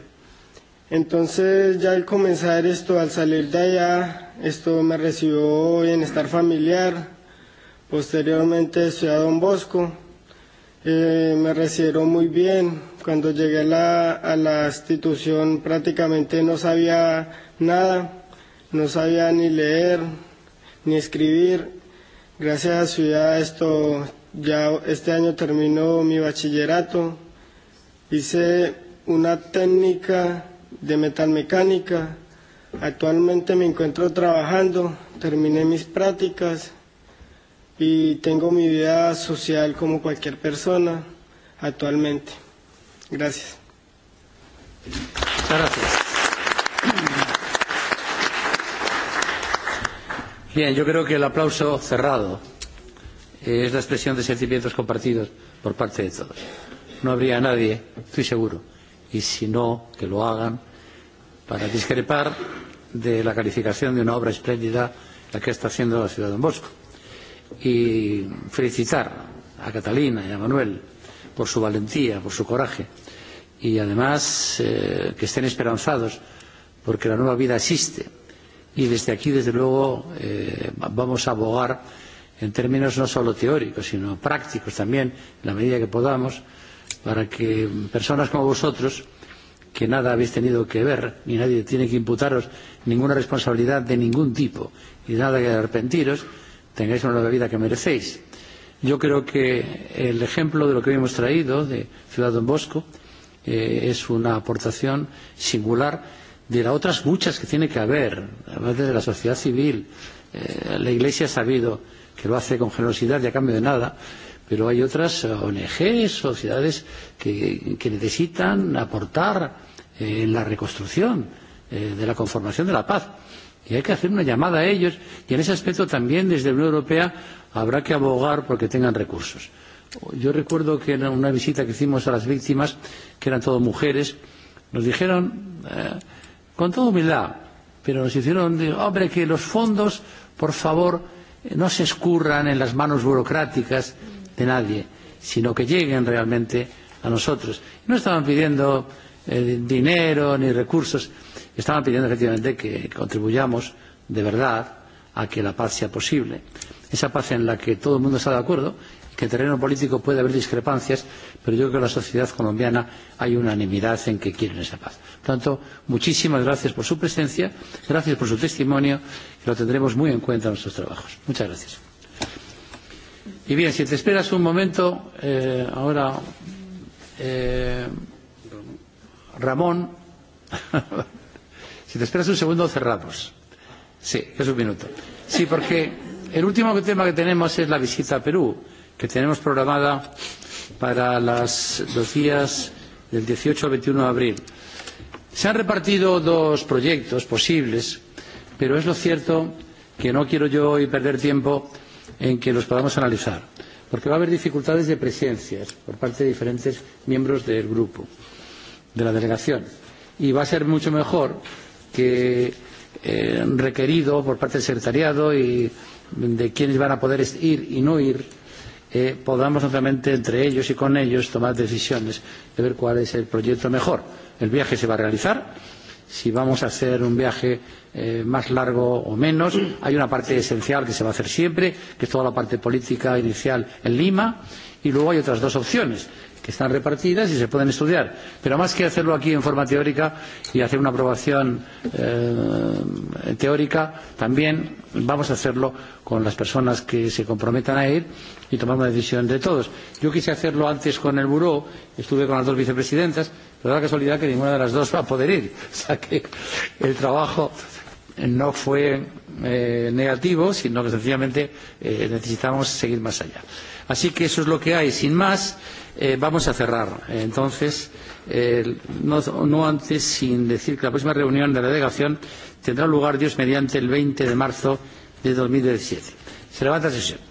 Entonces ya al comenzar esto, al salir de allá, esto me recibió bienestar familiar, posteriormente estudié a Don Bosco, eh, me recibieron muy bien, Cuando llegué la, a la institución prácticamente no sabía nada, no sabía ni leer ni escribir. Gracias a Ciudad esto ya este año terminó mi bachillerato. Hice una técnica de metalmecánica. Actualmente me encuentro trabajando, terminé mis prácticas y tengo mi vida social como cualquier persona actualmente. Gracias. Gracias. Bien, yo creo que el aplauso cerrado es la expresión de sentimientos compartidos por parte de todos. No habría nadie, estoy seguro, y si no, que lo hagan para discrepar de la calificación de una obra espléndida la que está haciendo la ciudad de Bosco. Y felicitar a Catalina y a Manuel por su valentía, por su coraje y además que estén esperanzados porque la nueva vida existe y desde aquí desde luego vamos a abogar en términos no solo teóricos sino prácticos también en la medida que podamos para que personas como vosotros que nada habéis tenido que ver ni nadie tiene que imputaros ninguna responsabilidad de ningún tipo y nada que arrepentiros tengáis una nueva vida que merecéis Yo creo que el ejemplo de lo que hemos traído de Ciudad Don Bosco es una aportación singular de las otras muchas que tiene que haber, además de la sociedad civil. La Iglesia ha sabido que lo hace con generosidad y a cambio de nada, pero hay otras ONG, sociedades que necesitan aportar en la reconstrucción de la conformación de la paz Y hay que hacer una llamada a ellos y en ese aspecto también desde la Unión Europea habrá que abogar porque tengan recursos. Yo recuerdo que en una visita que hicimos a las víctimas, que eran todas mujeres, nos dijeron con toda humildad, pero nos hicieron, hombre, que los fondos, por favor, no se escurran en las manos burocráticas de nadie, sino que lleguen realmente a nosotros. No estaban pidiendo dinero ni recursos estaban pidiendo efectivamente que contribuyamos de verdad a que la paz sea posible. Esa paz en la que todo el mundo está de acuerdo, que en terreno político puede haber discrepancias, pero yo creo que en la sociedad colombiana hay unanimidad en que quieren esa paz. Por tanto, muchísimas gracias por su presencia, gracias por su testimonio, que lo tendremos muy en cuenta en nuestros trabajos. Muchas gracias. Y bien, si te esperas un momento, ahora Ramón. Si te esperas un segundo, cerramos. Sí, es un minuto. Sí, porque el último tema que tenemos es la visita a Perú, que tenemos programada para las, los días del 18 al 21 de abril. Se han repartido dos proyectos posibles, pero es lo cierto que no quiero yo hoy perder tiempo en que los podamos analizar, porque va a haber dificultades de presencias por parte de diferentes miembros del grupo, de la delegación. Y va a ser mucho mejor que requerido por parte del secretariado y de quienes van a poder ir y no ir, podamos naturalmente entre ellos y con ellos tomar decisiones de ver cuál es el proyecto mejor. El viaje se va a realizar, si vamos a hacer un viaje más largo o menos, hay una parte esencial que se va a hacer siempre, que es toda la parte política inicial en Lima, y luego hay otras dos opciones que están repartidas y se pueden estudiar. Pero más que hacerlo aquí en forma teórica y hacer una aprobación teórica, también vamos a hacerlo con las personas que se comprometan a ir y tomar una decisión de todos. Yo quise hacerlo antes con el Buró, estuve con las dos vicepresidentas, pero da la casualidad que ninguna de las dos va a poder ir. O sea que el trabajo no fue negativo, sino que sencillamente necesitamos seguir más allá. Así que eso es lo que hay. Sin más, Vamos a cerrar. Entonces, no antes sin decir que la próxima reunión de la delegación tendrá lugar, Dios mediante, el 20 de marzo de 2017. Se levanta la sesión.